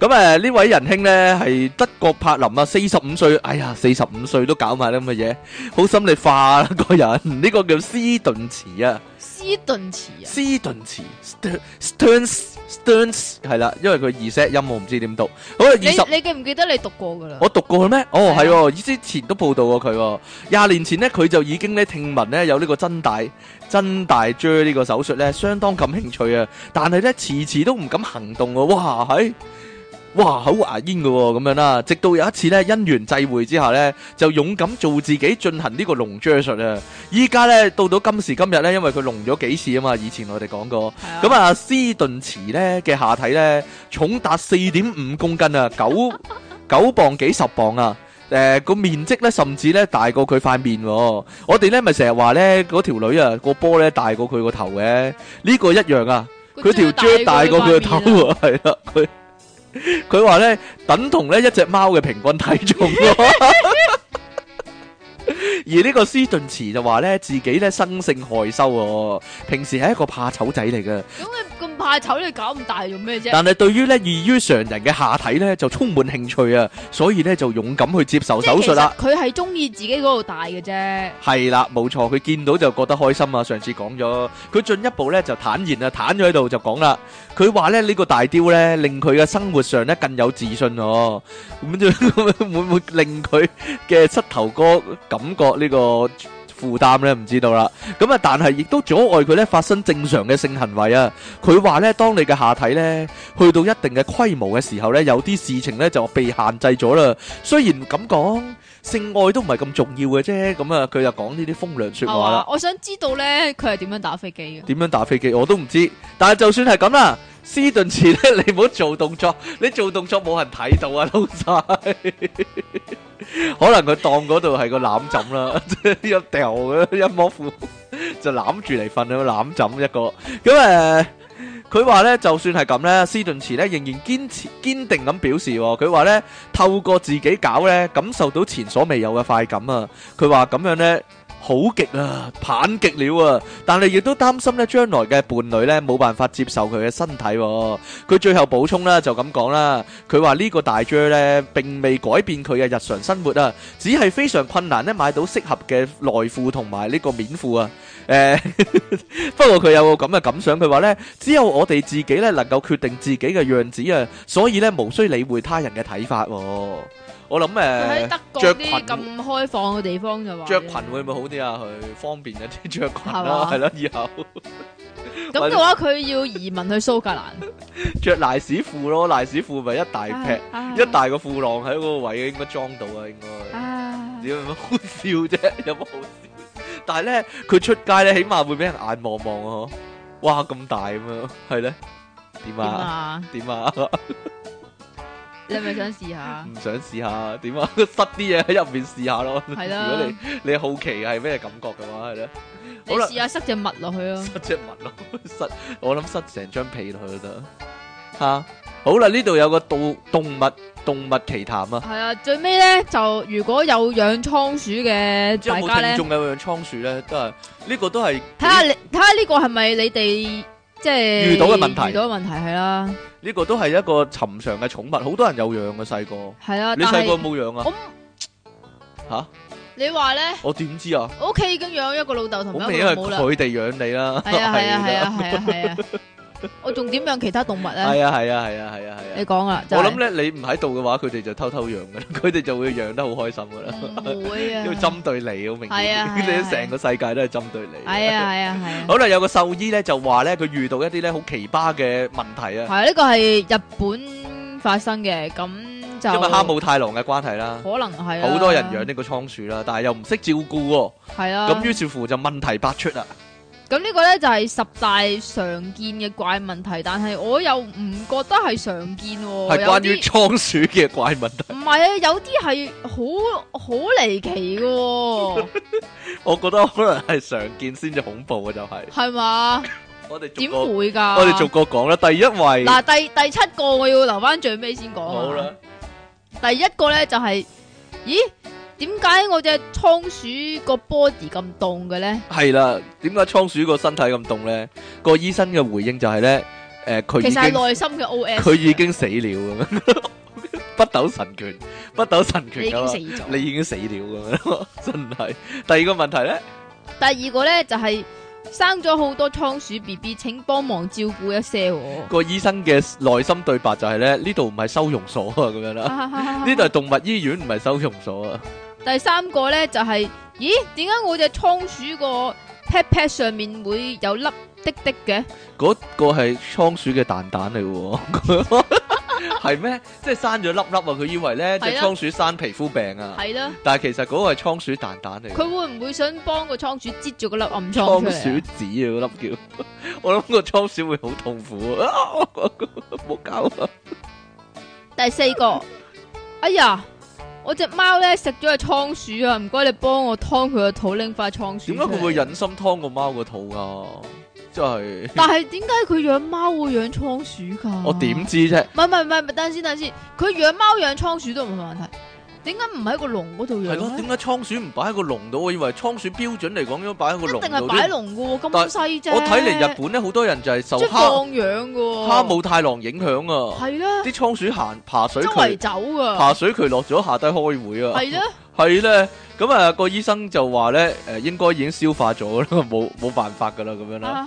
Speaker 1: 咁誒，呢位仁兄咧，係德國柏林啊，四十五歲，哎呀，四十五歲都搞埋啲咁嘅嘢，好心理化啊，個人，呢個叫斯頓茨啊！斯頓詞啊，斯頓詞，斯斯頓斯頓係啦，因為佢二 set 音我唔知點讀。好啦，二十，你
Speaker 2: 記唔記得你讀過噶啦？
Speaker 1: 我讀過佢咩？哦，係， 對啦 之前都報道過佢。廿年前呢，佢就已經咧聽聞咧有呢個增大增大 j 呢個手術咧，相當感興趣啊。但係咧，遲遲都唔敢行動啊。哇，係、哎。哇，好牙煙嘅咁樣啦！直到有一次咧，因緣際會之下咧，就勇敢做自己，進行呢個隆 J 術啊！依家，咧到到今時今日咧，因為佢隆咗幾次啊嘛，以前我哋講過。咁啊，斯頓池咧嘅下體咧，重達四點五公斤啊，九九磅幾十磅啊！誒，個面積咧甚至咧大過佢塊面。我哋咧咪成日話咧嗰條女啊個波咧大過佢個頭嘅，呢個一樣啊！佢條 J 大過佢個頭，係啦佢。佢話咧，等同咧一隻貓嘅平均體重。 而個頓呢個斯頓茨就話咧，自己咧生性害羞，哦，平時係一個怕醜仔嚟嘅。咁
Speaker 2: 你咁怕醜，你搞咁大做咩啫？但係
Speaker 1: 對於咧異於常人嘅下體咧，就充滿興趣啊，所以咧就勇敢去接受手術啦。佢
Speaker 2: 係中意自己嗰度大嘅啫。
Speaker 1: 係啦，冇錯，佢見到就覺得開心啊！上次講咗，佢進一步咧就坦然啊，坦咗喺度就講啦。佢話咧呢，這個大雕咧，令佢嘅生活上咧更有自信哦，啊。咁就會唔會令佢嘅膝頭哥感？個負擔呢個負擔咧，唔知道啦，咁啊但係亦都阻礙佢咧發生正常嘅性行為啊。佢話咧當你嘅下體咧去到一定嘅規模嘅時候咧，有啲事情咧就被限制咗啦。雖然咁講，性愛都唔係咁重要嘅啫。咁、嗯、啊，佢就講呢啲風涼說話啦、啊啊。我
Speaker 2: 想知道咧，佢係點樣打飛機嘅？
Speaker 1: 點樣打飛機我都唔知，但係就算係咁啦。斯頓茨咧，你唔好做動作，你做動作冇人睇到啊，老細。可能佢當嗰度係個攬枕啦，一掉嘅一摸褲就攬住嚟瞓喺個攬枕一個咁誒。佢話咧，就算係咁咧，斯頓茨咧仍然堅持堅定咁表示，佢話咧透過自己搞咧，感受到前所未有嘅快感啊。佢話咁樣咧。好極啊，棒極了啊！但係亦都擔心咧，將來嘅伴侶咧冇辦法接受佢嘅身體啊。佢最後補充啦，就咁講啦。佢話呢個大 J 咧，並未改變佢嘅日常生活啊，只係非常困難咧買到適合嘅內褲同埋呢個棉褲啊。誒、欸， 不過佢有個咁嘅感想，佢話咧只有我哋自己咧能夠決定自己嘅樣子啊，所以咧無需理會他人嘅睇法啊。我諗誒，着裙咁
Speaker 2: 開放嘅地方就話，着裙
Speaker 1: 會唔會好啲啊？佢方便一啲着裙啦，係咯以後。咁嘅話，佢
Speaker 2: 要移民去蘇格蘭，
Speaker 1: 着瀨屎褲咯，瀨屎褲咪一大劈，一大個褲浪喺嗰個位應該裝到啊，應該。只係乜好笑啫，有乜好笑？但係咧，佢出街咧，起碼會俾人眼望望啊！哇，咁大咁樣，係咧，點啊？點啊？你咪想試下？唔想試下？點啊？塞啲嘢喺入面試下咯。係啦，如果你你好奇係咩感覺嘅話，係啦。
Speaker 2: 好啦，你試下塞隻物落去咯！塞
Speaker 1: 隻物咯，塞我諗塞成張被落去都得。吓，好啦，呢度有個動動物動物奇談啊。
Speaker 2: 係啊，最尾咧就如果有養倉鼠嘅大家咧，仲
Speaker 1: 有養倉鼠咧，都係呢個都係
Speaker 2: 睇下你睇下呢個係咪你哋即係遇到嘅問題？遇到嘅問題，係啦。
Speaker 1: 呢個都係一個尋常嘅寵物，好多人有養嘅細個。係啊，你細個有冇養啊？吓？
Speaker 2: 你話咧？我
Speaker 1: 點知啊？
Speaker 2: 我屋企已經養咗一個老豆同一個老母啦。佢
Speaker 1: 哋養你啦。係啊係啊係啊係
Speaker 2: 啊！ 我仲點養其他動物咧？係啊係啊係啊
Speaker 1: 係啊係啊！你講啦，我諗咧，你唔喺度嘅話，佢哋就偷偷養噶啦，佢哋就會養得好開心噶啦，唔會啊，因為針對你好明顯，你成個世界都係針對你。
Speaker 2: 係啊係啊係。
Speaker 1: 好啦，有個獸醫咧就話咧，佢遇到一啲咧好奇葩嘅問題啊。係
Speaker 2: 啊，呢個係日本發生嘅，咁就因為哈姆
Speaker 1: 太郎嘅關係啦，可
Speaker 2: 能係好多人
Speaker 1: 養呢個倉鼠啦，但係又唔識照顧喎，係啊，咁於是乎就問題百出啦。
Speaker 2: 咁呢個咧就係、是、十大常見嘅怪問題，但係我又唔覺得係常見、啊，係關於倉
Speaker 1: 鼠嘅怪問題。
Speaker 2: 唔係啊，有啲係好好離奇嘅、
Speaker 1: 啊。 我覺得可能係常見先至恐怖啊，就係、
Speaker 2: 是。係嘛吧？
Speaker 1: 我哋點會噶？我哋逐個講啦。第一位嗱，
Speaker 2: 第第七個我要留翻最尾先講。好啦吧，第一個咧就係、是、咦？點解我隻倉鼠個 body 咁凍嘅咧？
Speaker 1: 係啦，點解倉鼠個身體咁凍咧？個醫生嘅回應就係咧，誒，佢其實係內
Speaker 2: 心嘅 O.S. 佢
Speaker 1: 已經死了，北斗神拳，北斗神拳，你已經死咗，你已經死了咁樣，真係。第二個問題咧？
Speaker 2: 第二個咧就係生咗好多倉鼠 BB，請幫忙照顧一些。
Speaker 1: 個醫生嘅內心對白就係咧，呢度唔係收容所啊，咁樣啦，呢度係動物醫院，唔係收容所啊。
Speaker 2: 第三個咧就係，咦？點解我隻倉鼠個 pat pat 上面會有粒滴滴嘅？
Speaker 1: 嗰個係倉鼠嘅蛋蛋嚟嘅，係咩？即係生咗粒粒啊！佢以為咧隻倉鼠生皮膚病啊，係啦。但係其實嗰個係倉鼠蛋蛋嚟。佢
Speaker 2: 會唔會想幫個倉鼠擠住個粒暗瘡出嚟？倉鼠
Speaker 1: 子啊粒叫，我諗個倉鼠會好痛苦啊！冇搞
Speaker 2: 啊！第四個，哎呀！我隻貓咧食咗隻倉鼠,倉鼠啊！唔該，你幫我劏佢個肚，拎塊倉鼠。點解佢會忍
Speaker 1: 心劏個貓個肚啊？即係。但係
Speaker 2: 點解佢養貓會養倉鼠噶？我點知啫？唔係唔係唔係，等先等先，佢養貓養倉鼠都唔係問題。點解唔喺個籠
Speaker 1: 嗰度養咧？點解倉鼠唔擺喺個籠度？我以為倉鼠標準嚟講都擺喺個籠度。定係擺籠
Speaker 2: 嘅喎，咁細啫。我睇嚟日
Speaker 1: 本咧，好多人就係受蝦放
Speaker 2: 養嘅、啊。哈姆
Speaker 1: 太郎影響啊！係啦的，啲倉鼠行爬水渠，
Speaker 2: 走啊。爬
Speaker 1: 水渠落咗下低開會啊！係啊的。係啦， 咁、那、啊個醫生就話咧，誒應該已經消化咗啦，冇 冇辦法噶啦，咁樣啦。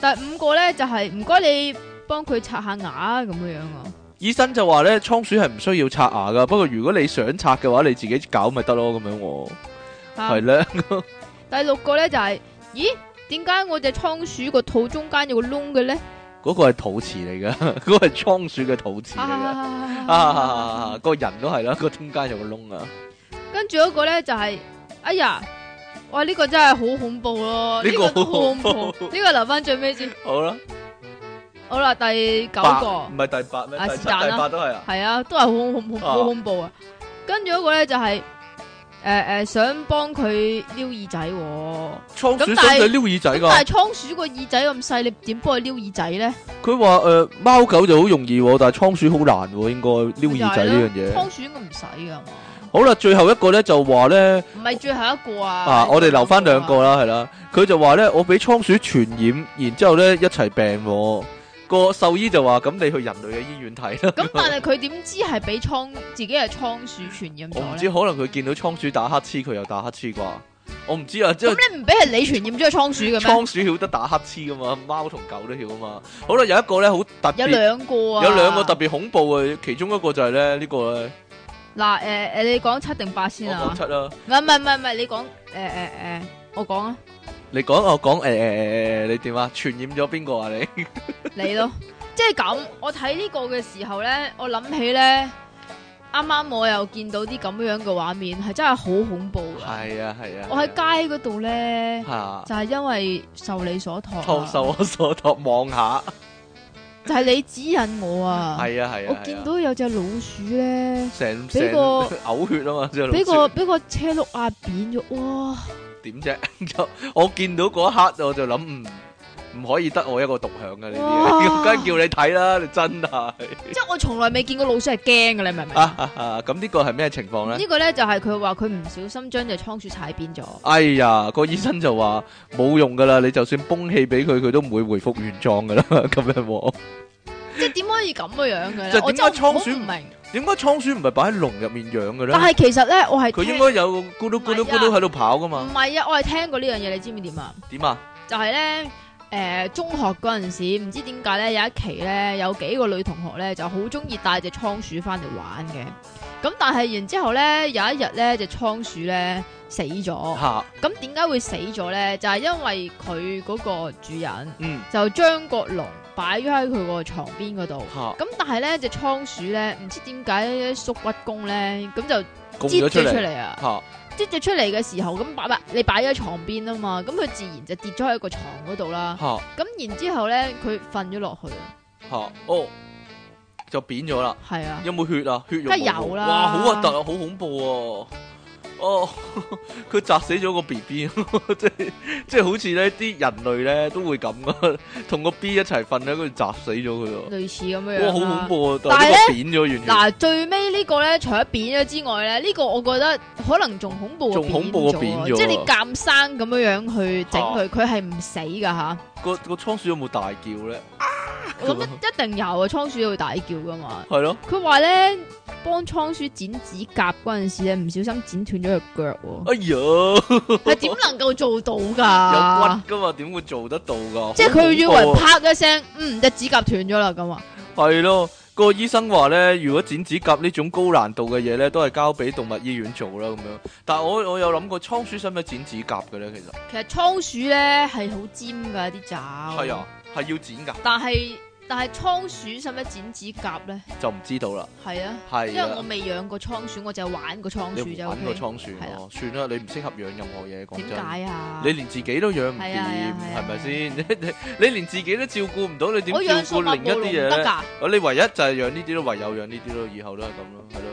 Speaker 2: 第 五個咧就係唔該你幫佢刷下牙咁嘅樣啊。
Speaker 1: 醫生就話咧，倉鼠係唔需要刷牙噶不過如果你想刷嘅話，你自己搞咪得咯咁樣。
Speaker 2: 係咧，第六個咧就係，咦，點解我隻倉鼠個肚中間有個窿嘅咧？
Speaker 1: 嗰個係肚臍嚟噶嗰個係倉鼠嘅肚臍。啊啊啊啊，個人都係啦、啊，個中間有個窿啊。
Speaker 2: 跟住嗰個咧就係，哎呀，哇，呢個真係好恐怖咯，呢個
Speaker 1: 恐怖，呢
Speaker 2: 個， 留翻最尾先。好啦。好啦，第九個唔
Speaker 1: 係第八咩？第
Speaker 2: 八都係啊，係啊，都係好恐好好恐怖啊。跟住嗰個咧就係誒誒，想幫佢撩耳仔。倉鼠想佢撩耳仔噶，但係倉鼠個耳仔咁細，你點幫佢撩耳仔咧？
Speaker 1: 佢話誒，貓狗就好容易，但係倉鼠好難，應該撩耳仔呢樣嘢。倉
Speaker 2: 鼠應該唔使噶。
Speaker 1: 好啦，最後一個咧就話咧，
Speaker 2: 唔係最後一個啊。
Speaker 1: 啊，我哋留翻兩個啦，係啦。佢就話咧，我俾倉鼠傳染，然之後咧一齊病。個獸醫就話：咁你去人類嘅醫院睇啦。咁但係
Speaker 2: 佢點知係俾倉自己係倉鼠傳染？我唔知，
Speaker 1: 可能佢見到倉鼠打乞嗤，佢又打乞嗤啩？我唔知啊。即係咁
Speaker 2: 你唔俾係你傳染咗個倉鼠嘅咩？倉
Speaker 1: 鼠曉得打乞嗤噶嘛？貓同狗都曉啊嘛？好啦，有一個咧好特別，有兩
Speaker 2: 個啊，有兩個
Speaker 1: 特別恐怖嘅，其中一個就係咧呢個咧。
Speaker 2: 嗱，誒、呃、誒，你講七定八先、呃呃、啊？七啦，唔係唔係唔係，你講，誒誒誒，我講啊。
Speaker 1: 你講我講誒誒誒誒，你點啊？傳染咗邊個啊？你
Speaker 2: 你咯，即係咁。我睇呢個嘅時候咧，我諗起咧，啱啱我又見到啲咁樣嘅畫面，係真係好恐怖。
Speaker 1: 係啊係啊！啊啊我喺
Speaker 2: 街嗰度咧，啊、就係因為受你所託，受我
Speaker 1: 所託望下，
Speaker 2: 就係你指引我啊！係啊係
Speaker 1: 啊！啊啊我見到
Speaker 2: 有隻老鼠咧，
Speaker 1: 成個嘔血啊嘛，俾個
Speaker 2: 俾個， 個車碌壓扁咗，哇！
Speaker 1: 點啫？ 我見到嗰一刻我就諗，唔唔可以得我一個獨享噶呢啲，梗哇 叫你睇啦！你真係， 即係
Speaker 2: 我從來未見過老鼠係驚噶，你明唔明、 啊？啊
Speaker 1: 咁、啊、呢、嗯呢個係咩情況咧？呢
Speaker 2: 個咧就係佢話佢唔小心將隻倉鼠踩扁咗。
Speaker 1: 哎呀，個醫生就話冇用噶啦，你就算泵氣俾佢，佢都唔會回復原狀噶啦。咁 樣 即係
Speaker 2: 點可以咁嘅樣嘅咧？我真係倉鼠唔明。
Speaker 1: 點解倉鼠唔係擺喺籠入面養嘅咧？但係其實咧，我係佢應該有咕嚕咕嚕咕嚕喺度跑噶嘛、啊？
Speaker 2: 唔係啊，我係聽過呢樣嘢，你知唔知點啊？
Speaker 1: 點啊？就
Speaker 2: 係咧，誒、呃，中學嗰陣時，唔知點解咧，有一期咧，有幾個女同學咧就好中意帶隻倉鼠翻嚟玩嘅。咁但係然之後咧，有一日咧，隻倉鼠咧死咗。吓，咁點解會死咗咧？就係、是、因為佢嗰個主人，嗯，就張國龍。擺咗喺佢個床邊嗰度，咁、啊、但係咧隻倉鼠咧唔知點解縮骨弓咧，咁就擠咗出嚟啊！擠咗出嚟嘅時候，咁擺埋你擺咗喺床邊啊嘛，咁佢自然就跌咗喺個床嗰度啦。咁、啊、然之後咧，佢瞓咗落去啊。
Speaker 1: 哦，就扁咗啦。係啊。有冇血啊？血有冇？梗係有啦，哇，好核突啊！好恐怖哦、啊。哦，佢砸、oh, 死咗個 B B， 即係即係好似咧啲人類咧都會咁噶，同個 B 一齊瞓喺嗰度砸死咗佢咯，
Speaker 2: 類似咁樣、啊。哇，好恐怖啊！
Speaker 1: 但係呢都扁咗完全。嗱，
Speaker 2: 最尾呢個咧，除咗扁咗之外咧，呢、這個我覺得可能仲恐怖過，仲恐怖過扁咗，即係你鑒生咁樣樣去整佢，佢係唔死噶吓。
Speaker 1: 個個倉鼠有冇大叫咧？咁一、啊、樣一
Speaker 2: 定有啊，倉鼠都會大叫噶嘛。係咯的。佢話咧，幫倉鼠剪指甲嗰陣時咧，唔小心剪斷咗隻腳。
Speaker 1: 哎呀，係 點能
Speaker 2: 夠做到噶？有骨
Speaker 1: 噶嘛？點會做得到噶？即係佢以為啪
Speaker 2: 一聲，啊、嗯，隻指甲斷咗啦咁啊。
Speaker 1: 係咯。個醫生話咧，如果剪指甲呢種高難度嘅嘢咧，都係交俾動物醫院做啦咁樣。但係我我有諗過倉鼠使唔使剪指甲嘅咧？其實
Speaker 2: 其實倉鼠咧係好尖㗎啲爪，係啊，
Speaker 1: 係要剪㗎。但
Speaker 2: 係。但係倉鼠使唔使剪指甲咧？
Speaker 1: 就唔知道啦。
Speaker 2: 係啊，因為我未養過倉鼠，我就玩過倉鼠就。你玩過
Speaker 1: 倉鼠。算啦，你唔適合養任何嘢。點解啊？你連自己都養唔掂，係咪先？你你連自己都照顧唔到，你點？我養過另一啲嘢。我你唯一就係養呢啲咯，唯有養呢啲咯，以後都係咁咯，係咯。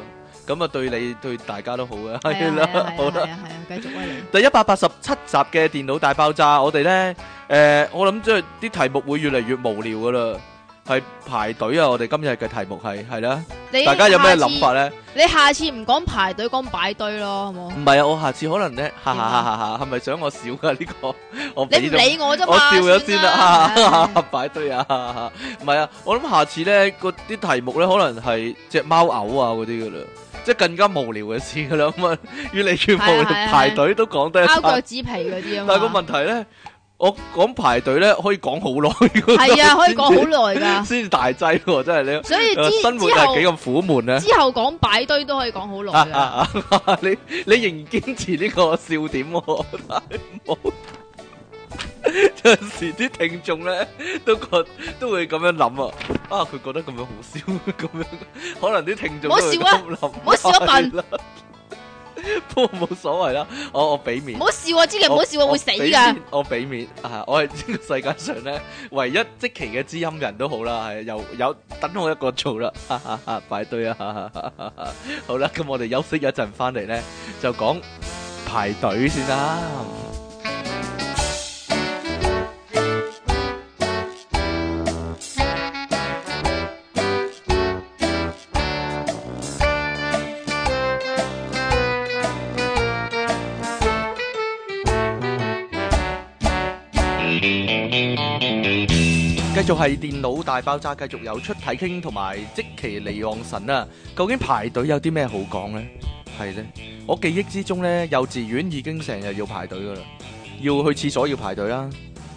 Speaker 1: 咁啊，對你對大家都好啊。係啦，好啦，係啊，係啊，繼續第一百八十七集嘅電腦大爆炸，我哋咧，誒，我諗即係啲題目會越嚟越無聊噶啦。係排隊啊！我哋今日嘅題目係係啦，大家有咩諗法咧？
Speaker 2: 你下次唔講排隊，講擺堆咯，好唔
Speaker 1: 好？唔係啊，我下次可能咧，係咪想我笑噶呢個？你唔理我咋嘛？我笑咗先啦，擺堆啊！唔係啊，我諗下次咧，嗰啲題目咧，可能係隻貓嘔啊嗰啲噶啦，即係更加無聊嘅事噶啦。咁啊，越嚟越無聊排隊都講得一，貓蓋紙
Speaker 2: 皮嗰啲啊。但係個
Speaker 1: 問題咧。我講排隊咧可以講好耐，係啊，可以講好耐噶。先至大劑喎，真係咧。所以生活幾咁苦悶咧。之
Speaker 2: 後講擺堆都可以講好耐。啊，
Speaker 1: 你你仍然堅持呢個笑點喎，有陣時啲聽眾咧都覺都會咁樣諗啊，啊，佢覺得咁樣好笑，咁樣可能啲聽眾都咁諗。冇笑啊！冇笑啊！笨。不過冇 所謂啦，我我俾面，唔好笑、啊，知你唔好笑我我會死噶。我俾面，啊，我係呢個世界上咧唯一積淇嘅知音人都好啦，係又有，有等我一個做啦，哈哈，排隊啊，哈、啊、哈、啊啊啊啊啊啊啊，好啦，咁、嗯、我哋休息一陣翻嚟咧就講排隊先啦。就係電腦大爆炸，繼續有出體 king 同埋積淇離岸神啊！究竟排隊有啲咩好講呢？係呢，我記憶之中呢，幼稚園已經成日要排隊噶啦，要去廁所要排隊啦。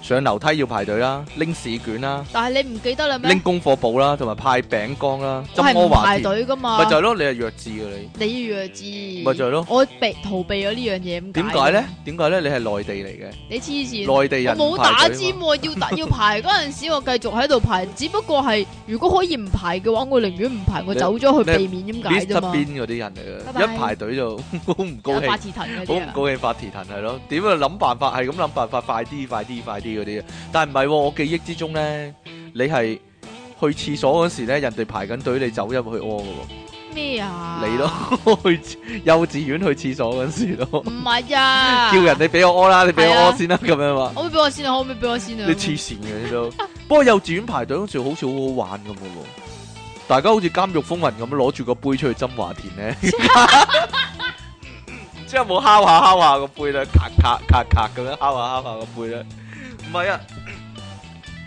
Speaker 1: 上樓梯要排隊啦，拎試卷啦，
Speaker 2: 但係你唔記得啦咩？拎
Speaker 1: 功課簿啦，同埋派餅乾啦，真係唔排隊噶嘛？咪就係咯，你係弱智嘅
Speaker 2: 你！你弱智咪就係咯，我避逃避咗呢樣嘢點解咧？
Speaker 1: 點解咧？你係內地嚟嘅，
Speaker 2: 你黐線！內地人冇打尖喎，要要排嗰陣時，我繼續喺度排。只不過係如果可以唔排嘅話，我寧願唔排，我走咗去避免點解啫嘛？身邊
Speaker 1: 嗰啲人嚟嘅，一排隊就好唔高興，好唔高興發鐵騰係咯？點樣諗辦法？係咁諗辦法，快啲快啲快啲！啲，但係唔係，我記憶之中咧，你係去廁所嗰時咧，人哋排緊隊，你走入去屙噶喎。
Speaker 2: 咩啊？你咯，
Speaker 1: 去幼稚園去廁所嗰時咯。唔
Speaker 2: 係啊， 叫
Speaker 1: 人哋俾我屙啦，你俾我屙先啦，咁樣嘛。
Speaker 2: 我俾我先啊，啊我俾俾我先啊。你黐
Speaker 1: 線嘅都， 不過幼稚園排隊嗰時好似好好玩咁嘅喎，大家好似監獄風雲咁，攞住個杯出去斟華田咧，即係冇敲下敲下個杯咧，咔咔咔咔咁樣敲下敲下個杯咧。唔係啊，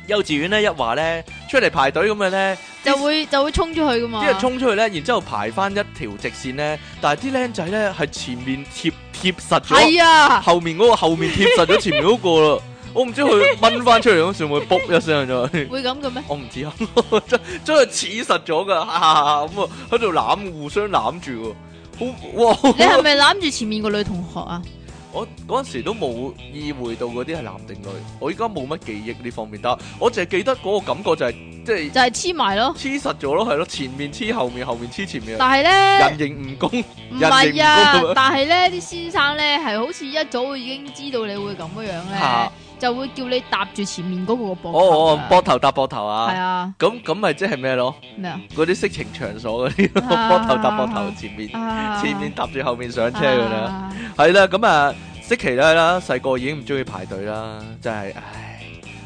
Speaker 1: 幼稚園咧一話咧，出嚟排隊咁樣咧，
Speaker 2: 就會就會衝出去噶嘛。即係衝
Speaker 1: 出去咧，然之後排翻一條直線咧，但係啲僆仔咧係前面貼貼實咗，後面嗰個後面貼實咗前面嗰個啦。 我唔知佢掹翻出嚟嗰時， 會唔會卜一聲咗？會咁嘅咩？我唔知啊，將將佢黐實咗噶，咁啊喺度攬互相攬住，好哇！你係咪
Speaker 2: 攬住前面個女同學啊？
Speaker 1: 我嗰陣時都冇意會到嗰啲係男定女，我依家冇乜記憶呢方面，但我淨係記得嗰個感覺就係即係就係黐埋咯，黐實咗咯，係咯，前面黐後面，後面黐前面。但係咧，人形蜈蚣唔係啊！但係
Speaker 2: 咧，啲先生咧，係好似一早已經知道你會咁樣咧。吓？就會叫你搭住前面嗰個膊頭，oh, oh, oh, 啊，哦哦，膊
Speaker 1: 頭搭膊頭啊！係啊，咁咁咪即係咩咯？咩啊？嗰啲色情場所嗰啲，膊頭搭膊頭前面，前面搭住後面上車咁樣，係啦，咁啊，識奇都係啦，細個已經唔中意排隊啦，真係唉。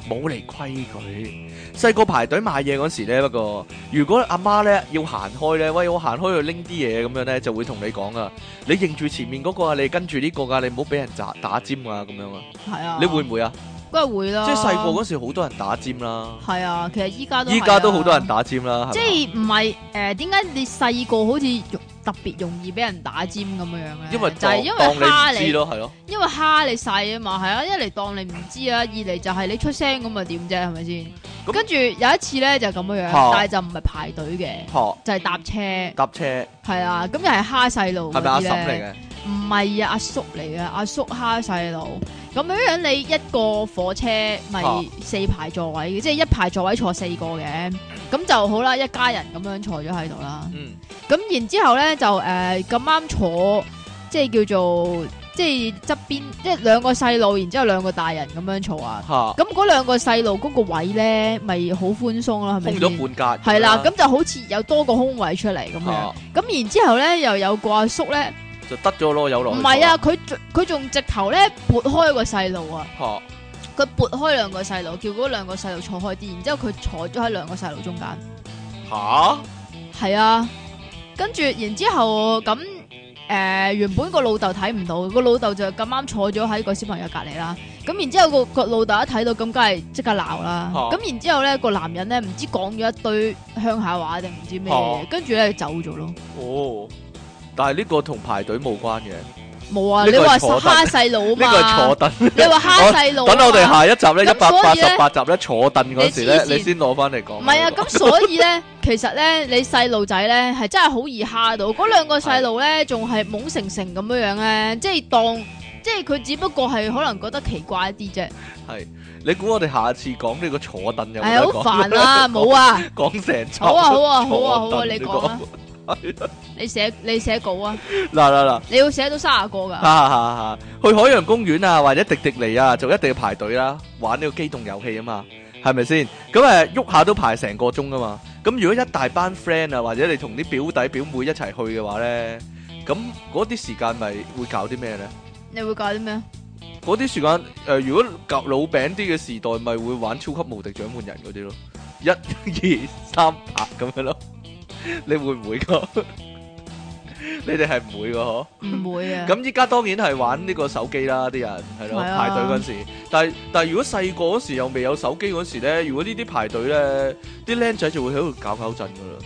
Speaker 1: 冇嚟規矩，細個排隊買嘢嗰時咧，不過如果阿媽咧要行開咧，喂我行開去拎啲嘢咁樣咧，就會同你講啊，你認住前面嗰、那個啊，你跟住呢、這個噶，你唔好俾人扎打、打尖啊，咁樣啊。係啊，你會唔會啊？
Speaker 2: 梗係會啦。即係細個嗰時
Speaker 1: 好多人打尖啦。
Speaker 2: 係啊，其實依家依家都好、啊、多
Speaker 1: 人打尖啦。即係
Speaker 2: 唔係誒？點解吧、呃、你細個好似？特別容易俾人打尖咁樣樣嘅，就係因為蝦你咯，係咯，因為蝦你細啊你嘛，係啊，一嚟當你唔知啊，二嚟就係你出聲咁啊點啫，係咪先？跟住有一次咧就咁、是、樣樣，啊、但係就唔係排隊嘅，啊、就係搭車，搭車係啊，咁又係蝦細路，係咪阿神嚟嘅？唔係啊，阿、啊、叔嚟嘅。阿、啊、叔蝦細路。咁樣樣你一個火車咪、就是、四排座位、啊、即係一排座位坐四個嘅，咁、嗯、就好啦，一家人咁樣坐咗喺度啦。咁、嗯、然之後咧就誒咁啱坐，即係叫做即係側邊，即係兩個細路，然之後兩個大人咁樣坐啊。吓，咁嗰兩個細路嗰個位咧咪好寬鬆啦，係咪？空咗半格，係啦，咁就好似有多個空位出嚟咁樣。咁、啊、然之後咧又有個阿叔咧。
Speaker 1: 就得咗咯，有來。唔係啊，
Speaker 2: 佢仲佢仲直頭咧撥開個細路啊，佢撥哈開兩個細路，叫嗰兩個細路坐開啲，然之後佢坐咗喺兩個細路中間。
Speaker 1: 吓哈？
Speaker 2: 係啊，跟住然之後咁誒、呃，原本個老豆睇唔到，個老豆就咁啱坐咗喺個小朋友隔籬啦。咁然之後個個老豆一睇到，咁梗係即刻鬧啦。咁哈然之後咧，個男人咧唔知講咗一堆鄉下話定唔知咩，嘢哈，跟住咧走咗咯。
Speaker 1: 哦。但係呢個同排隊冇關嘅，
Speaker 2: 冇啊！你話蝦細佬嘛？呢個係坐凳。你話蝦細佬，等我哋下一集咧，一百八十八
Speaker 1: 集咧，坐凳嗰時咧，你先攞翻嚟講。唔係啊，
Speaker 2: 咁所以咧，其實咧，你細路仔咧係真係好易蝦到。嗰兩個細路咧仲係懵成成咁樣樣咧，即係當，即係佢只不過係可能覺得奇怪一啲啫。
Speaker 1: 係，你估我哋下次講呢個坐凳有冇？係啊，好煩啊，冇啊，講成。好啊，好啊，好啊，好啊，你講啊。
Speaker 2: 你寫你寫稿啊？嗱嗱嗱！你要寫到三十個噶？
Speaker 1: 去海洋公園啊，或者迪迪尼啊，就一定要排隊啦，玩呢個機動遊戲啊嘛，係咪先？咁誒，喐下都排成個鐘噶嘛。咁如果一大班 friend 啊，或者你同啲表弟表妹一齊去嘅話咧，咁嗰啲時間咪會搞啲咩咧？
Speaker 2: 你會搞啲咩？
Speaker 1: 嗰啲時間誒，如果舊老餅啲嘅時代，咪會玩超級無敵獎門人嗰啲咯，一二三拍咁樣咯。你會唔會噶？ 你哋係唔會噶嗬？唔會啊！咁依家當然係玩呢個手機啦，啲人係咯的排隊嗰時。但係但係如果細個嗰時又未有手機嗰時咧，如果隊呢啲排隊咧，啲僆仔就會喺度搞搞震噶啦。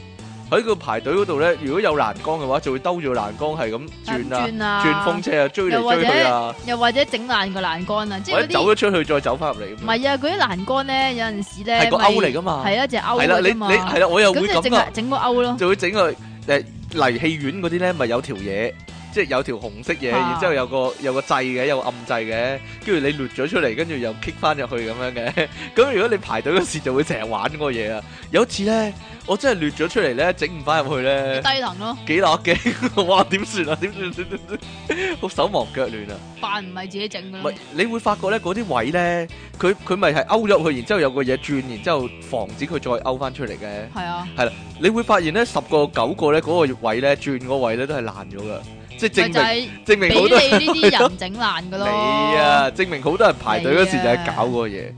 Speaker 1: 喺個排隊嗰度咧，如果有欄杆嘅話，就會兜住個欄杆係咁轉啊，轉啊，轉風車啊，追嚟追去啊，
Speaker 2: 又或者整爛個欄杆啊，即係走咗
Speaker 1: 出去再走翻入嚟。
Speaker 2: 唔係些啊，嗰啲欄杆咧，有陣時咧係個勾嚟噶嘛，係啊，就勾嗰係啦，你你係啦，我又會咁啊，就，個勾
Speaker 1: 咯咯就會整個誒、呃、泥器丸嗰啲咧，咪有條嘢。即係有條紅色嘢，啊、然之後有個有個掣嘅，有暗掣嘅，跟住你掠咗出嚟，跟住又 kick 翻入去咁樣嘅。咁 如果你排隊嗰時，就會成日玩嗰個嘢啊。有一次咧，我真係掠咗出嚟咧，整唔翻入去咧。低能咯，幾難嘅。哇，點算啊？點算啊？好、啊，手忙腳亂啊！扮唔
Speaker 2: 係自己整㗎。唔，
Speaker 1: 你會發覺咧，嗰啲位咧，佢佢咪係勾入去，然之後有個嘢轉，然之後防止佢再勾翻出嚟嘅。係是啊。係啦，你會發現咧，十個九個咧，嗰個位咧，轉嗰位咧都係爛咗㗎。即係證明，就就證明俾你呢啲人
Speaker 2: 整爛噶咯。 對了笑你啊，
Speaker 1: 證明好多人排隊嗰時 就係搞嗰個嘢，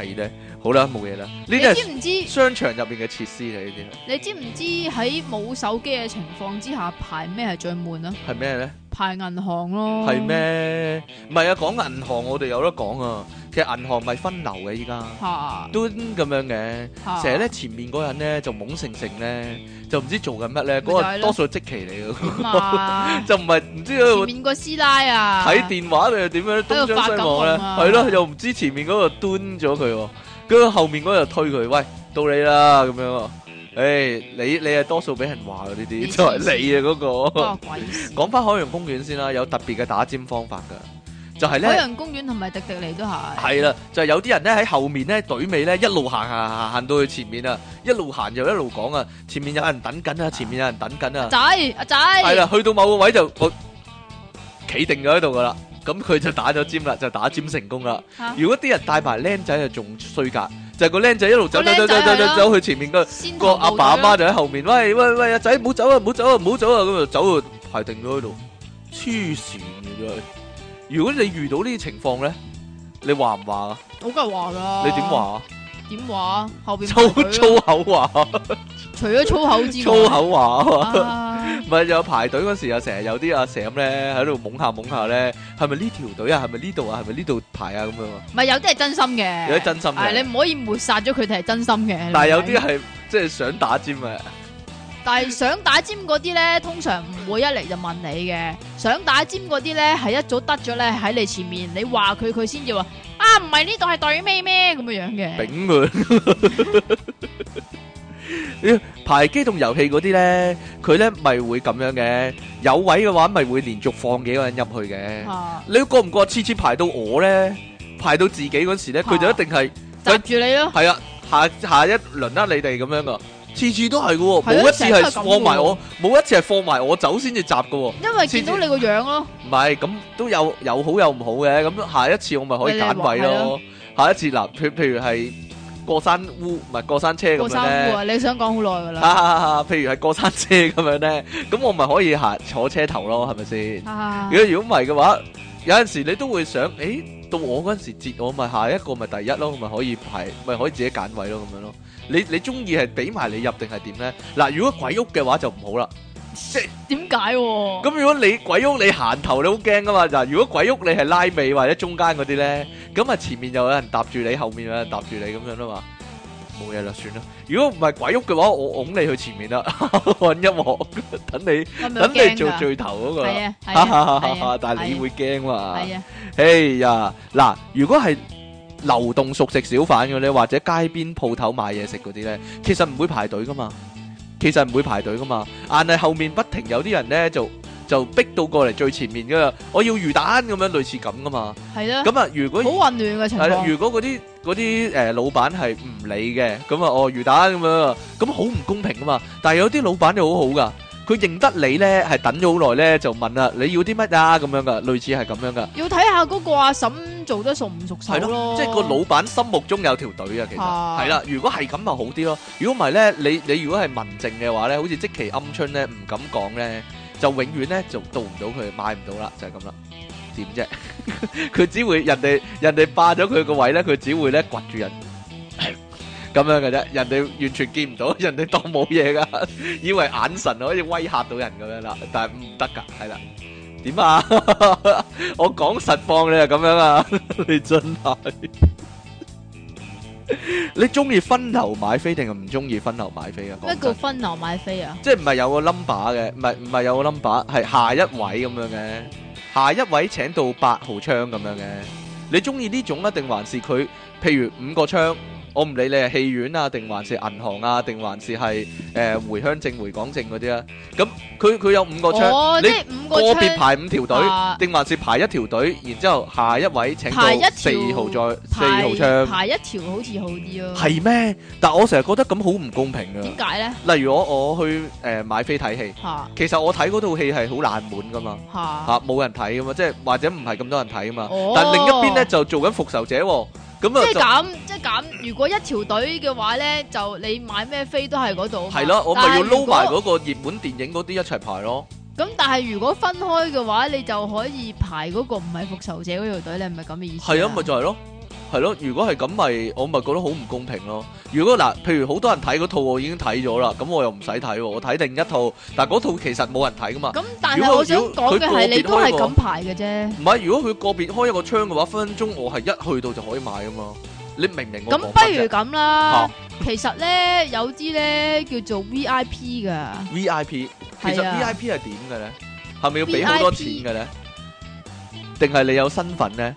Speaker 1: 係咧。 好啦，冇嘢啦。你知唔知商場入邊嘅設施啊？呢啲
Speaker 2: 你知唔知喺冇手機嘅情況之下排咩係最悶啊？係咩咧？排銀行咯。係咩？
Speaker 1: 唔係啊，講銀行我哋有得講啊。其實銀行咪分流嘅依家。端咁哈樣嘅。成日咧前面嗰人咧就懵盛盛咧，就唔知做緊乜咧。嗰個多數積淇嚟嘅。麼 就唔係唔知、嗰個。前面
Speaker 2: 個師奶啊。睇
Speaker 1: 電話定係點樣？東張西望咧。係咯、啊，又唔知前面嗰個端咗佢。跟住後面嗰度推佢，喂，到你啦咁樣，誒，你你係多數俾人話嘅呢啲，就係你啊嗰個。講翻海洋公園先啦，有特別嘅打尖方法噶，就係咧。海洋
Speaker 2: 公園同埋迪士尼都係。
Speaker 1: 係啦，就係有啲人咧喺後面咧隊尾咧，一路行行行行到去前面啊，一路行又一路講啊，前面有人等緊啊，前面有人等緊啊。
Speaker 2: 仔，阿仔。係啦，
Speaker 1: 去到某個位就我企定咗喺度噶啦。咁佢就打咗尖啦，就打尖成功啦。如果啲人帶埋僆仔就仲衰噶，就係個僆仔一路走走走走走走去前面，個個阿爸阿媽就喺後面，喂喂喂，阿仔唔好走啊，唔好走啊，唔好走啊，咁就走到，排定咗喺度。黐線嘅真係。如果你遇到呢啲情況咧，你話唔話啊？好，梗
Speaker 2: 係話啦。你點話？點話？後邊粗粗
Speaker 1: 口話。除咗粗口之外，粗口話，唔係，有排隊嗰時又成日有啲阿 Sir 咁咧喺度懵下懵下咧，係咪呢條隊啊？係咪呢度啊？係咪呢度排啊？咁樣啊？
Speaker 2: 唔係有啲係真心嘅，有啲真心係你唔可以抹殺咗佢哋係真心嘅。但係有啲係
Speaker 1: 即係想打尖嘅，
Speaker 2: 但係想打尖嗰啲咧，通常唔會一嚟就問你嘅。想打尖嗰啲咧，係一早得咗咧喺你前面，你話佢佢先至話啊？唔係呢度係隊尾咩？咁嘅樣嘅。
Speaker 1: 炳門。排機動遊戲嗰啲咧，佢咧咪會咁樣嘅，有位嘅話咪會連續放幾個人入去嘅。你覺唔覺次次排到我咧，排到自己嗰時咧，佢就一定係夾住你咯。係啊，下下一輪啊，你哋咁樣噶，次次都係噶喎，冇一次係放埋我，冇一次係放埋我走先至夾噶喎。
Speaker 2: 因為見到你個樣咯。
Speaker 1: 唔係，咁都有有好有唔好嘅，咁下一次我咪可以揀位咯。下一次嗱，譬譬如係。過山烏唔係過山車咁樣咧，過
Speaker 2: 山烏啊，你想講好
Speaker 1: 耐噶啦。 啊，譬如係過山車咁樣咧，咁我咪可以行坐車頭咯，係咪先？ 如果如果唔係嘅話，有陣時你都會想，誒、欸，到我嗰陣時接我，咪下一個咪第一咯，我咪可以排，咪可以自己揀位咯，咁樣咯。你你中意係俾埋你入定係點咧？嗱，如果鬼屋嘅話就唔好啦。
Speaker 2: 即係點解？
Speaker 1: 咁如果你鬼屋你行頭，你好驚噶嘛，嗱？如果鬼屋你係拉尾或者中間嗰啲咧，咁啊前面又有人搭住你，後面又有人搭住你咁樣啦嘛，冇嘢啦，算啦。如果唔係鬼屋嘅話，我拱你去前面啦，搵一鑊等你，等你做最頭嗰個。但係你會驚嘛？係啊。哎呀，嗱，如果係流動熟食小販嘅咧，或者街邊鋪頭買嘢食嗰啲咧，其實唔會排隊噶嘛。其實唔會排隊噶嘛，硬係後面不停有啲人咧，就就逼到過嚟最前面噶喇，我要魚蛋咁樣類似咁噶嘛。係啊，咁啊如果好混亂嘅情況，如果嗰啲嗰啲誒老闆係唔理嘅，咁啊哦魚蛋咁樣，咁好唔公平噶嘛。但係有啲老闆就好好噶。佢認得你咧，係等咗好耐咧，就問啦，你要啲乜啊？咁樣噶，類似係咁樣噶。
Speaker 2: 要睇下嗰個阿嬸做得熟唔熟手咯。即係個老
Speaker 1: 闆心目中有條隊啊，其實係啦。如果係咁咪好啲咯。如果唔係咧，你你如果係文靜嘅話咧，好似積淇鵪鶉咧，唔敢講咧，就永遠咧就到唔到佢，買唔到啦，就係咁啦。點啫？佢只會人哋人哋霸咗佢個位咧，佢只會咧掘住人。咁樣嘅啫，人哋完全見唔到，人哋當冇嘢噶，以為眼神可以威嚇到人咁樣啦，但係唔得噶，係啦。點啊？我講實況你係咁樣啊？你真係，你中意分流買飛定唔中意分流買飛啊？咩叫
Speaker 2: 分流買飛
Speaker 1: 啊？即係唔係有個 number 嘅，唔係唔係有個 number，係下一位咁樣嘅，下一位請到八號窗咁樣嘅。你中意呢種啊？定還是佢？譬如五個窗。我唔理你係戲院啊，定還是銀行啊，定還是係誒回鄉證、回港證嗰啲啊。咁佢佢有五個窗，你個別排五條隊，定還是排一條隊？然之後下一位請到四號再四號窗。排
Speaker 2: 一條好似好啲咯。係咩？
Speaker 1: 但係我成日覺得咁好唔公平㗎。點解
Speaker 2: 咧？例
Speaker 1: 如我我去誒買飛睇戲，其實我睇嗰套戲係好冷門㗎嘛，嚇冇人睇㗎嘛，即係或者唔係咁多人睇㗎嘛。但係另一邊咧就做緊復仇者喎。嗯、即係咁，即
Speaker 2: 係咁。 如果一條隊嘅話咧，就你買咩飛都係嗰度。係咯、啊，我咪要撈埋嗰
Speaker 1: 個熱門電影嗰啲一齊排咯。
Speaker 2: 咁但係如果分開嘅話，你就可以排嗰個唔係復仇者嗰條隊咧，係咪咁嘅意思？係啊，咪、啊、就
Speaker 1: 係、係、咯。係咯，如果係咁咪，我咪覺得好唔公平咯。如果嗱，譬如好多人睇嗰套，我已經睇咗啦，咁我又唔使睇，我睇另一套，但嗰套其實冇人睇噶嘛。咁但係我想講嘅係，你都係咁
Speaker 2: 排嘅啫。
Speaker 1: 唔係，如果佢個別開一個窗嘅話，分分鐘我係一去到就可以買噶嘛。你明唔明？咁不如
Speaker 2: 咁啦。其實咧有啲咧叫做 VIP 噶。
Speaker 1: VIP，其實 VIP 係點嘅咧？係咪要俾好多錢嘅咧？定係你有身份咧？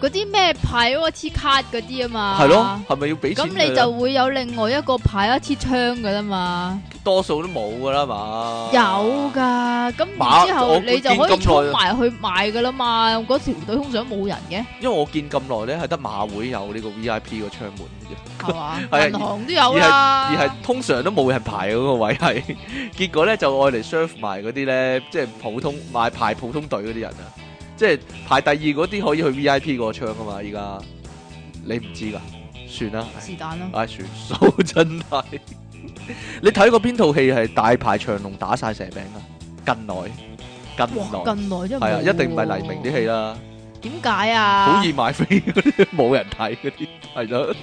Speaker 2: 嗰啲咩牌喎？T 卡嗰啲啊嘛，係咯，
Speaker 1: 係咪要俾錢？咁你就
Speaker 2: 會有另外一個牌一鐵窗噶啦嘛。
Speaker 1: 多數都冇噶啦嘛。有
Speaker 2: 噶，咁然之後你就可以儲埋去賣噶啦嘛。嗰條隊通常都冇人嘅。
Speaker 1: 因為我見咁耐咧，係得馬會有呢個 VIP 個窗門嘅啫，係嘛？銀行都有啦。而係通常都冇人排嗰個位，係結果咧就愛嚟 serve 埋嗰啲咧，即係普通買排普通隊嗰啲人啊。即係排第二嗰啲可以去 V I P 個窗啊嘛！依家你唔知噶，算啦，是但啦，唉，算，好 真係。你睇過邊套戲係大排長龍、打晒蛇餅啊？近來近來，近來即係唔係啊？一定唔係黎明啲戲啦。
Speaker 2: 點解啊？好易
Speaker 1: 賣飛啲冇人睇嗰啲，係咯、啊。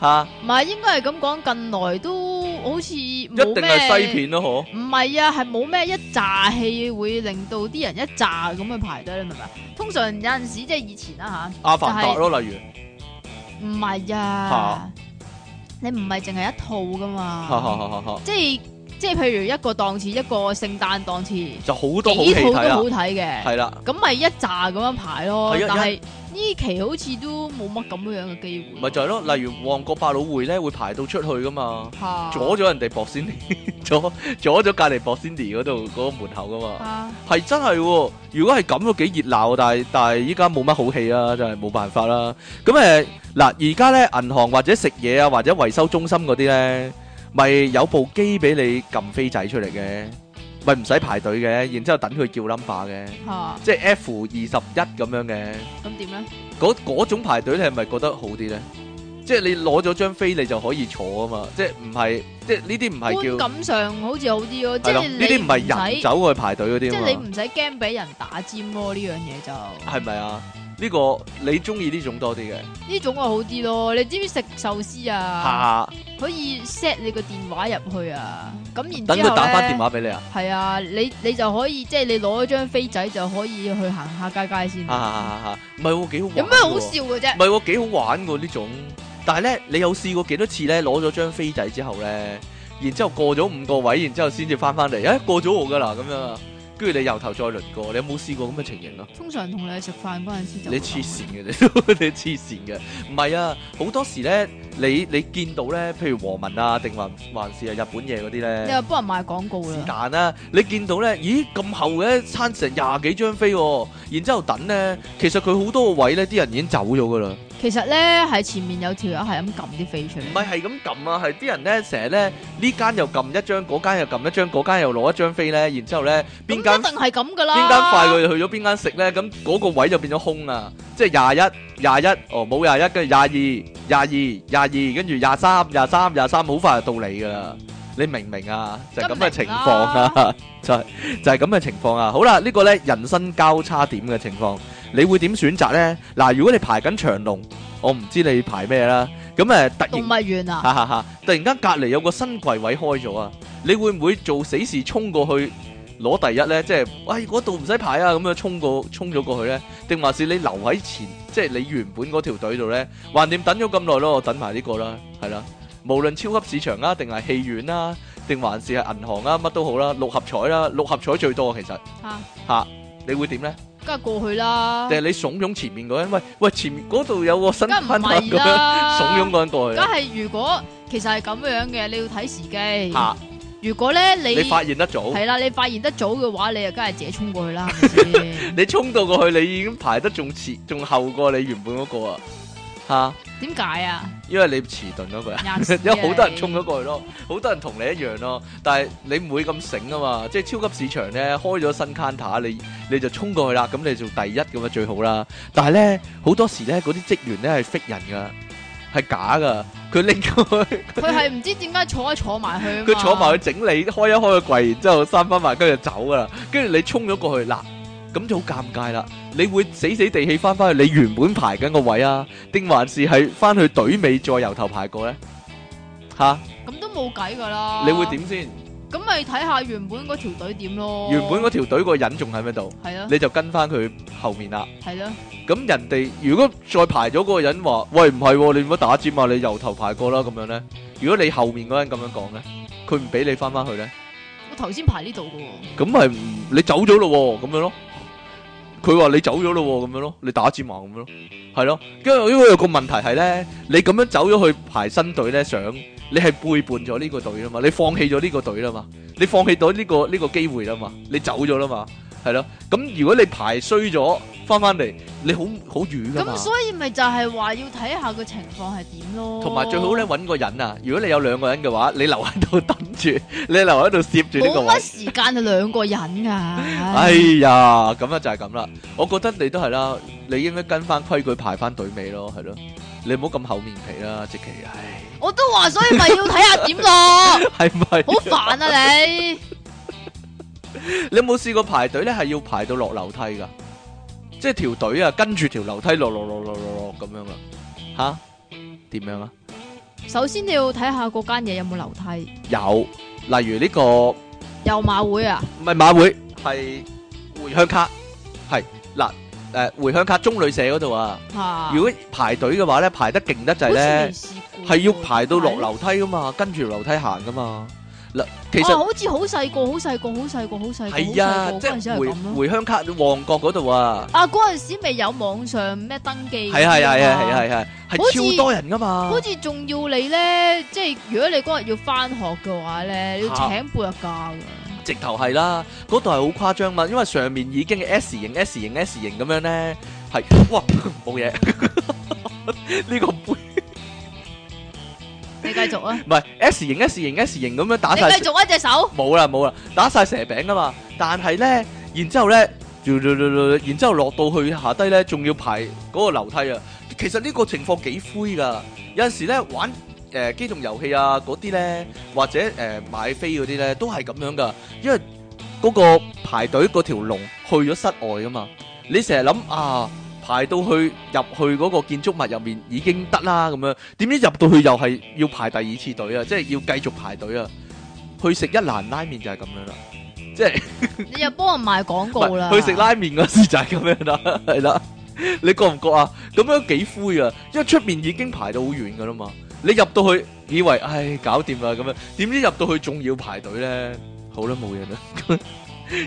Speaker 1: 吓，
Speaker 2: 唔係應該係咁講，近來都好似冇咩，一定係西片咯，嗬？唔係啊，係冇咩一紮戲會令到啲人一紮咁去排隊，你明唔明啊？通常有陣時即係以前啦吓，阿凡達咯，例如，唔係啊，你唔係淨係一套噶嘛，即係即係譬如一個檔次，一個聖誕檔次就好多套都好睇嘅，係啦，咁咪一紮咁樣排咯，但係。呢期好似都冇乜咁樣
Speaker 1: 樣嘅機會，咪就係咯，例如旺角百老匯咧，會排到出去噶嘛，阻咗人哋博先，阻阻咗隔籬博先啲嗰度嗰個門口噶嘛，係真係、哦，如果係咁，都幾熱鬧，但係但係依家冇乜好戲啊，就係冇辦法啦。咁誒，嗱、呃，而家咧銀行行，或者食嘢啊或者維修中心嗰啲咧，咪有部機俾你撳飛仔出嚟嘅。咪唔使排隊嘅，然之後等佢叫 number 嘅，啊、即係 F 二十一咁樣嘅。咁點咧？嗰嗰種排隊你係咪覺得好啲咧？即係你攞咗張飛你就可以坐啊嘛！即係唔係？即係呢啲唔係叫感
Speaker 2: 上好似好啲咯，啊。啊、即係呢啲唔係人走
Speaker 1: 去排隊嗰啲。即係你唔
Speaker 2: 使驚俾人打尖咯，呢樣嘢就係
Speaker 1: 咪啊？呢個你中意呢種多啲嘅？
Speaker 2: 呢種啊好啲咯，你知唔知食壽司啊？啊可以 set 你個電話入去啊，咁然之後等佢打翻電話俾你啊。係啊，你你就可以即係你攞咗張飛仔就可以去行下街街先啊。啊
Speaker 1: 啊啊唔係我幾好玩，有咩好笑嘅啫？唔係我幾好玩喎呢種，但係咧你有試過幾多次咧？攞咗張飛仔之後咧，然之後過咗五個位，然之後先至翻翻嚟，誒、哎、過咗我㗎啦咁樣啊！跟住你由頭再輪過，你有冇試過咁嘅情形咯？通
Speaker 2: 常同你食飯嗰陣時就
Speaker 1: 你黐線嘅，你你黐線嘅，唔係啊！好多時咧，你你見到咧，譬如和民啊，定還還是啊日本嘢嗰啲咧，你又
Speaker 2: 幫人賣廣告啦。
Speaker 1: 但啊，你見到咧，咦咁厚嘅一餐成廿幾張飛，啊，然之後等咧，其實佢好多個位咧，啲人已經走咗噶啦。
Speaker 2: 其實咧，係前面有條友係咁撳啲飛出嚟。唔係
Speaker 1: 係咁撳啊，係啲人咧成日咧呢間又撳一張，嗰間又撳一張，嗰間又攞一張飛咧，然之後咧邊間定
Speaker 2: 係咁噶啦？邊間快佢
Speaker 1: 去咗邊間食咧，咁、那、嗰個位就變咗空啊！即係廿一、廿一，哦冇廿一，跟住廿二、廿二、廿二，跟住廿三、廿三、廿三，好快就到你噶啦！你明唔明啊？就係咁嘅情況啊、嗯 就係，就就係咁嘅情況啊！好啦，這個、呢個咧人生交叉點嘅情況。你會點選擇呢？嗱，如果你排緊長龍，我唔知你排咩啦。咁，誒，突然動物園啊， 突然間隔籬有個新櫃位開咗啊，你會唔會做死士衝過去攞第一呢？即係，喂，哎，嗰度唔使排啊，咁樣衝過衝咗過去呢」。定還是你留喺前，即係你原本嗰條隊度呢？橫掂等咗咁耐咯，我等埋呢個啦，係啦。無論超級市場啊，定係戲院啊，定還是係銀行啊，乜都好啦，六合彩啦，啊啊，六合彩最多其實吓，啊、 你會點呢？
Speaker 2: 梗係過去啦，定
Speaker 1: 係你慫恿前面嗰個人？喂喂，前面嗰度有個新噴發咁樣慫恿嗰人過去。梗係
Speaker 2: 如果其實係咁樣嘅，你要睇時機。吓、啊，如果咧你，你發現得早，係啦，你發現得早嘅話，你又梗係自己衝過去啦。
Speaker 1: 實 你衝到過去，你已經排得仲前仲後過你原本嗰、那個啊。嚇？點解啊？因為你遲鈍咗，佢，有好多人衝咗過去咯，好多人同你一樣咯，但係你唔會咁醒啊嘛，即係超級市場咧開咗新 counter，你你就衝過去啦，咁你做第一咁啊最好啦。但係咧好多時咧嗰啲職員咧係 fake 人㗎，係假㗎，佢拎佢
Speaker 2: 佢係唔知點解坐一坐埋去啊嘛，佢坐埋去整
Speaker 1: 理，開一開個櫃，然之後閂翻埋跟住走㗎啦，跟住你衝咗過去啦。咁就好尷尬啦！你會死死地氣翻翻去你原本排緊個位啊？定還是係翻去隊尾再由頭排過呢？吓，
Speaker 2: 咁都冇計噶啦！你會點先？咁咪睇下原本嗰條隊點咯。原本嗰條
Speaker 1: 隊個人仲喺咪度？係咯，你就跟翻佢後面啦。係咯。咁人哋如果再排咗個人話，喂，唔係你唔好打尖啊！你由頭排過啦。咁樣呢，如果你後面嗰人咁樣講呢，佢唔俾你翻翻去呢？
Speaker 2: 我頭先排呢度噶。
Speaker 1: 咁咪你走咗咯？咁樣咯。佢話你走咗咯喎，咁樣咯，你打字碼咁樣咯，係咯，因為因為有個問題係咧，你咁樣走咗去排新隊咧，想你係背叛咗呢個隊啊嘛，你放棄咗呢個隊啊嘛，你放棄咗呢個呢個機會啊嘛，你走咗啦嘛。係咯，咁如果你排衰咗，翻翻嚟你好好瘀噶。咁所
Speaker 2: 以咪就係話要睇下個情況係點
Speaker 1: 咯。同埋最好咧揾個人啊，如果你有兩個人嘅話，你留喺度等住， 你留喺度攝住呢個位。冇乜
Speaker 2: 時間啊，兩個人噶。哎
Speaker 1: 呀，咁啊就係咁啦，我覺得你都係啦，你應該跟翻規矩排翻隊尾咯，係咯，你唔好咁厚面皮啦，積淇啊。
Speaker 2: 我都話，所以咪要睇下點咯，係唔係？好煩啊你！
Speaker 1: 你有冇試過排隊咧？係要排到落樓梯噶，即係條隊啊，跟住條樓梯落落落落落落咁樣啊，吓點樣啊？
Speaker 2: 首先你要睇下嗰間嘢，有冇樓梯？
Speaker 1: 有，例如呢個
Speaker 2: 有馬會啊，
Speaker 1: 唔係馬會，係回鄉卡，係嗱，誒，回鄉卡中旅社嗰度啊，如果排隊嘅話咧，排得勁得滯咧，係要排到落樓梯噶嘛，跟住樓梯行噶嘛。嗱，其實好
Speaker 2: 似好細個，好細個，好細個，好細個，係啊，即係回
Speaker 1: 回鄉卡旺角嗰度啊！
Speaker 2: 啊，嗰陣時未有網上咩登記嘅，係啊係啊係啊係啊係啊，係像超多人噶嘛！好似仲要你咧，即係如果你嗰日要返學嘅話咧，要請半日假嘅。啊、
Speaker 1: 直頭係啦，嗰度係好誇張嘛，因為上面已經 S 型、S 型、S 型咁樣咧，係哇冇嘢呢個背。你繼續啊！唔係 S 型 S 型 S 型咁樣打晒，你繼續一隻手。冇啦冇啦，打晒蛇餅噶嘛。但係咧，然之後咧，然之後落到去下低咧，仲要排嗰個樓梯啊。其實呢個情況幾灰噶。有陣時咧玩誒機動遊戲啊嗰啲咧，或者誒買飛嗰啲咧，都係咁樣噶。因為嗰個排隊嗰條龍去咗室外噶嘛，你成日諗啊。排到去入去嗰個建築物入面已經得啦，咁樣，點知入到去又係要排第二次隊啊！即係要繼續排隊啊！去食一蘭拉麵就係咁樣啦，
Speaker 2: 即係你又幫我賣廣告啦！去食
Speaker 1: 拉麵嗰時就係咁樣啦，係啦，你覺唔覺啊？咁樣幾灰啊！因為出面已經排到好遠噶啦嘛，你入到去以為唉搞掂啦咁樣，點知入到去仲要排隊咧？好啦，冇嘢啦，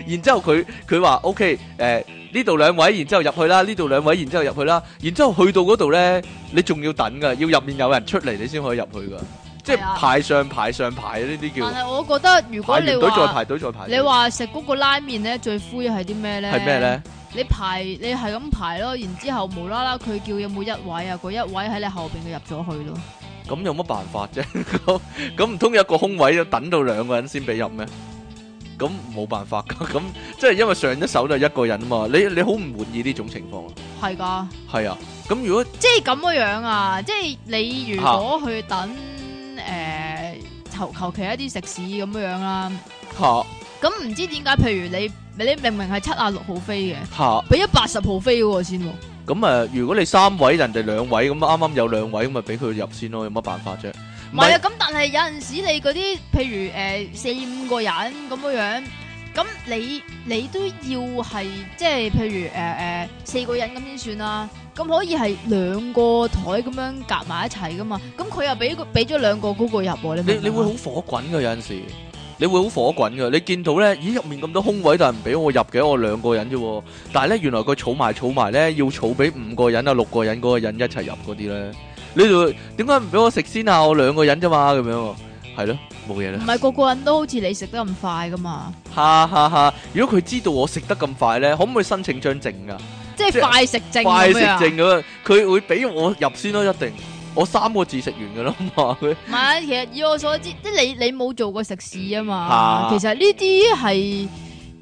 Speaker 1: 然之後佢佢話 OK 誒。呢度兩位，然之後入去啦。呢度兩位，然之後入去啦。然之後去到嗰度呢，你仲要等噶，要入面有人出嚟，你先可以入去噶。的即係排上排上排呢啲叫。但
Speaker 2: 係我覺得如果你話再排隊再排隊，你話食嗰個拉麵呢，最灰一係啲咩呢？係咩呢？你排你係咁排咯，然之後無啦啦佢叫有冇一位啊？嗰一位喺你後邊佢入咗去咯。
Speaker 1: 咁有乜辦法啫？咁唔通有個空位要等到兩個人先俾入咩？咁冇辦法噶，咁即係因為上一手都係一個人啊嘛，你你好唔滿意呢種情況啊？係噶的，係啊，咁如果
Speaker 2: 即係咁嘅樣啊，即係你如果去等誒求求其一啲食肆咁樣樣、啊、啦，吓、啊，咁唔知點解？譬如你你明明係七啊六號飛嘅，吓、啊，俾咗八十號飛先、啊，
Speaker 1: 咁啊、呃，如果你三位人哋兩位咁啱啱有兩位咁咪俾佢入先咯、啊，有乜辦法啫？
Speaker 2: 唔係啊，咁但係有陣時你嗰啲，譬如誒四五個人咁樣，咁你你都要係即係譬如誒誒四個人咁先算啦。咁可以係兩個枱咁樣夾埋一齊噶嘛？咁佢又俾俾咗兩個嗰個入你，你，你會好
Speaker 1: 火滾噶，有陣時，你會好火滾噶。你見到咧，咦入面咁多空位，但係唔俾我入嘅，我兩個人啫。但係咧，原來佢儲埋儲埋咧，要儲俾五個人啊六個人嗰個人一齊入嗰啲咧。你度點解唔俾我食先啊？我兩個人咋嘛咁樣？係咯，冇嘢啦。唔
Speaker 2: 係個個人都好似你食得咁快噶嘛？
Speaker 1: 哈哈哈！如果佢知道我食得咁快咧，可唔可以申請張證噶？
Speaker 2: 即係快食證，快食證
Speaker 1: 咁啊！佢會俾我入先咯，一定。我三個字食完噶啦嘛佢。唔
Speaker 2: 係、啊，其實以我所知，即係你你冇做過食肆啊嘛。 其實呢啲係。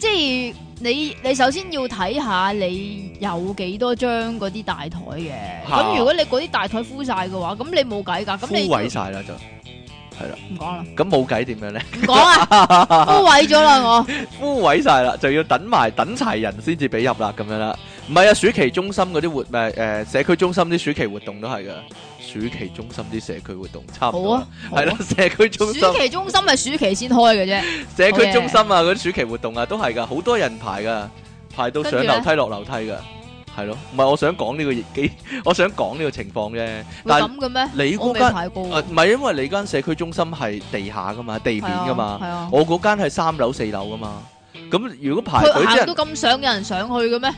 Speaker 2: 即係你，你首先要睇下你有幾多張嗰啲大枱嘅。咁哈如果你嗰啲大枱敷晒嘅話，咁你冇計噶。咁枯萎
Speaker 1: 晒啦，就係啦。唔講啦。咁冇計點樣咧？唔講啊！枯萎咗啦，我枯萎晒啦，就要等埋等齊人先至俾入啦，咁樣啦。唔係啊，暑期中心嗰啲活咪誒、呃，社區中心啲暑期活動都係噶，暑期中心啲社區活動差唔多、啊，係啦、啊，社區中心。暑期
Speaker 2: 中心係暑期先開嘅啫。
Speaker 1: 社區中心啊，嗰啲 Okay. 暑期活動啊，都係噶，好多人排噶，排到上樓梯落樓梯噶，係咯。唔係，我想講呢、這個疫幾，我想講呢個情況啫。咁嘅
Speaker 2: 咩？你我未唔
Speaker 1: 係，因為你間社區中心係地下噶嘛，地面噶嘛。啊啊、我嗰間係三樓四樓噶嘛。咁如果排隊都
Speaker 2: 咁想有人上去嘅咩？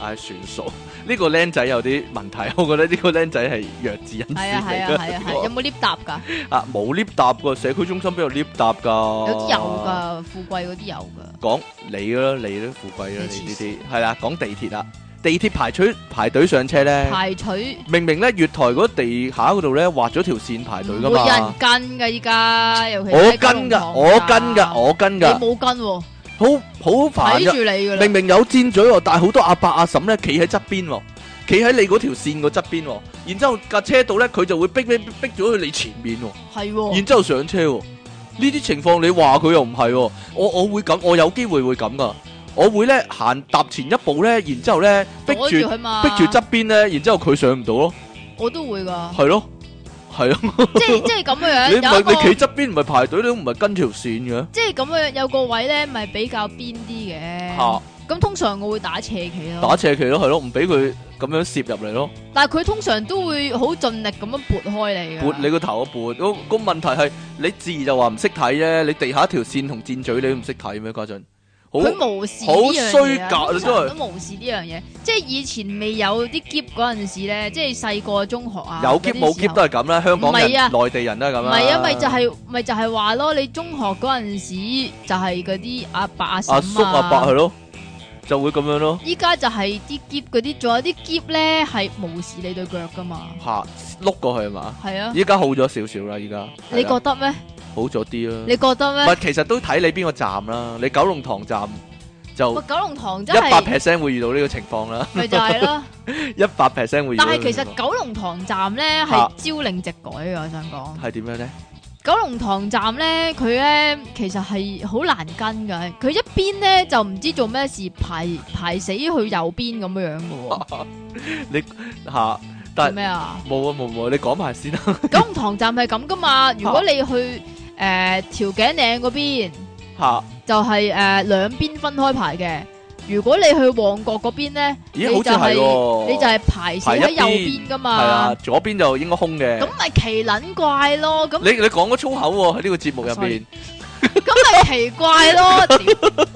Speaker 1: 係算數，呢個僆仔有啲問題，我覺得呢個僆仔係弱智人士嚟噶。有
Speaker 2: 冇 lift 搭噶？
Speaker 1: 啊，冇 lift 搭噶，社區中心邊有 lift 搭噶？有噶，
Speaker 2: 富貴嗰啲有噶。
Speaker 1: 講你咯，你咯，富貴咯，呢啲係啦。講地鐵啦，地鐵排隊排隊上車咧，排隊。明明咧月台嗰地下嗰度咧劃咗條綫排隊噶嘛。冇人
Speaker 2: 跟噶依家，我跟噶，
Speaker 1: 我跟噶，我跟噶。你冇跟。好好煩，明明有箭嘴，但係好多阿伯阿嬸咧，企喺側邊，企喺你嗰條線個側邊，然之後架車度咧，佢就會逼逼逼咗去你前面，係、哦，然之後上車呢啲情況，你話佢又唔係，我我會咁，我有機會會咁噶，我會咧行踏前一步咧，然之後咧逼住佢嘛，逼住側邊咧，然之後佢上唔到咯，
Speaker 2: 我都會噶，係
Speaker 1: 咯。係
Speaker 2: 咯， 即即係咁嘅樣。你企側
Speaker 1: 邊唔係排隊，你都唔係跟條線嘅。
Speaker 2: 即係咁嘅樣，有個位咧，咪比較邊啲嘅。吓，咁通常我會打斜企咯。打
Speaker 1: 斜企咯，係咯，唔俾佢咁樣攝入嚟咯。
Speaker 2: 但係佢通常都會好盡力咁樣撥開你。撥
Speaker 1: 你個頭啊撥，個、那個問題係你自然就話唔識睇啫，你地下一條線同箭嘴你都唔識睇咩家陣？佢無視好衰格啊！係都無
Speaker 2: 視呢樣嘢，即係以前未有啲 keep 嗰陣時咧，即係細個中學啊，有 k 冇 keep 都
Speaker 1: 係咁啦。香港人、內地人啦，咁啦。唔係啊，咪就係
Speaker 2: 咪就係話咯，你中學嗰陣時就係嗰啲阿伯阿叔阿伯去
Speaker 1: 咯，就會咁樣咯。
Speaker 2: 依家就係啲 keep 嗰啲，仲有啲 keep 咧係無視你對腳噶嘛。
Speaker 1: 吓，碌過去係嘛？係啊。依家好咗少少啦，依家。你覺得咩？好咗啲啦，你覺得咩？其實都睇你邊個站啦。你九龍塘站就，
Speaker 2: 九龍塘真係一百 percent
Speaker 1: 會遇到呢個情況啦，就係咪？一百 percent 會遇到。但係其實九
Speaker 2: 龍塘站咧係、啊、朝令夕改啊，我想講。係點樣咧？九龍塘站咧，佢咧其實係好難跟嘅。佢一邊咧就唔知做咩事，排排死去右邊咁樣樣嘅喎。
Speaker 1: 你吓、啊？但係咩啊？冇啊冇冇，你講埋先啦、啊。
Speaker 2: 九龍塘站係咁噶嘛？如果你去。啊誒，條頸嶺嗰邊，就係誒兩邊分開排嘅。如果你去旺角嗰邊咧，你就係你就係排住喺右邊噶嘛，係啊，
Speaker 1: 左邊就應該空嘅。咁
Speaker 2: 咪奇撚怪咯，咁你
Speaker 1: 你講個粗口喎喺呢個節目入邊，
Speaker 2: 咁咪奇怪咯，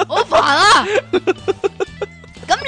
Speaker 2: 好煩啊！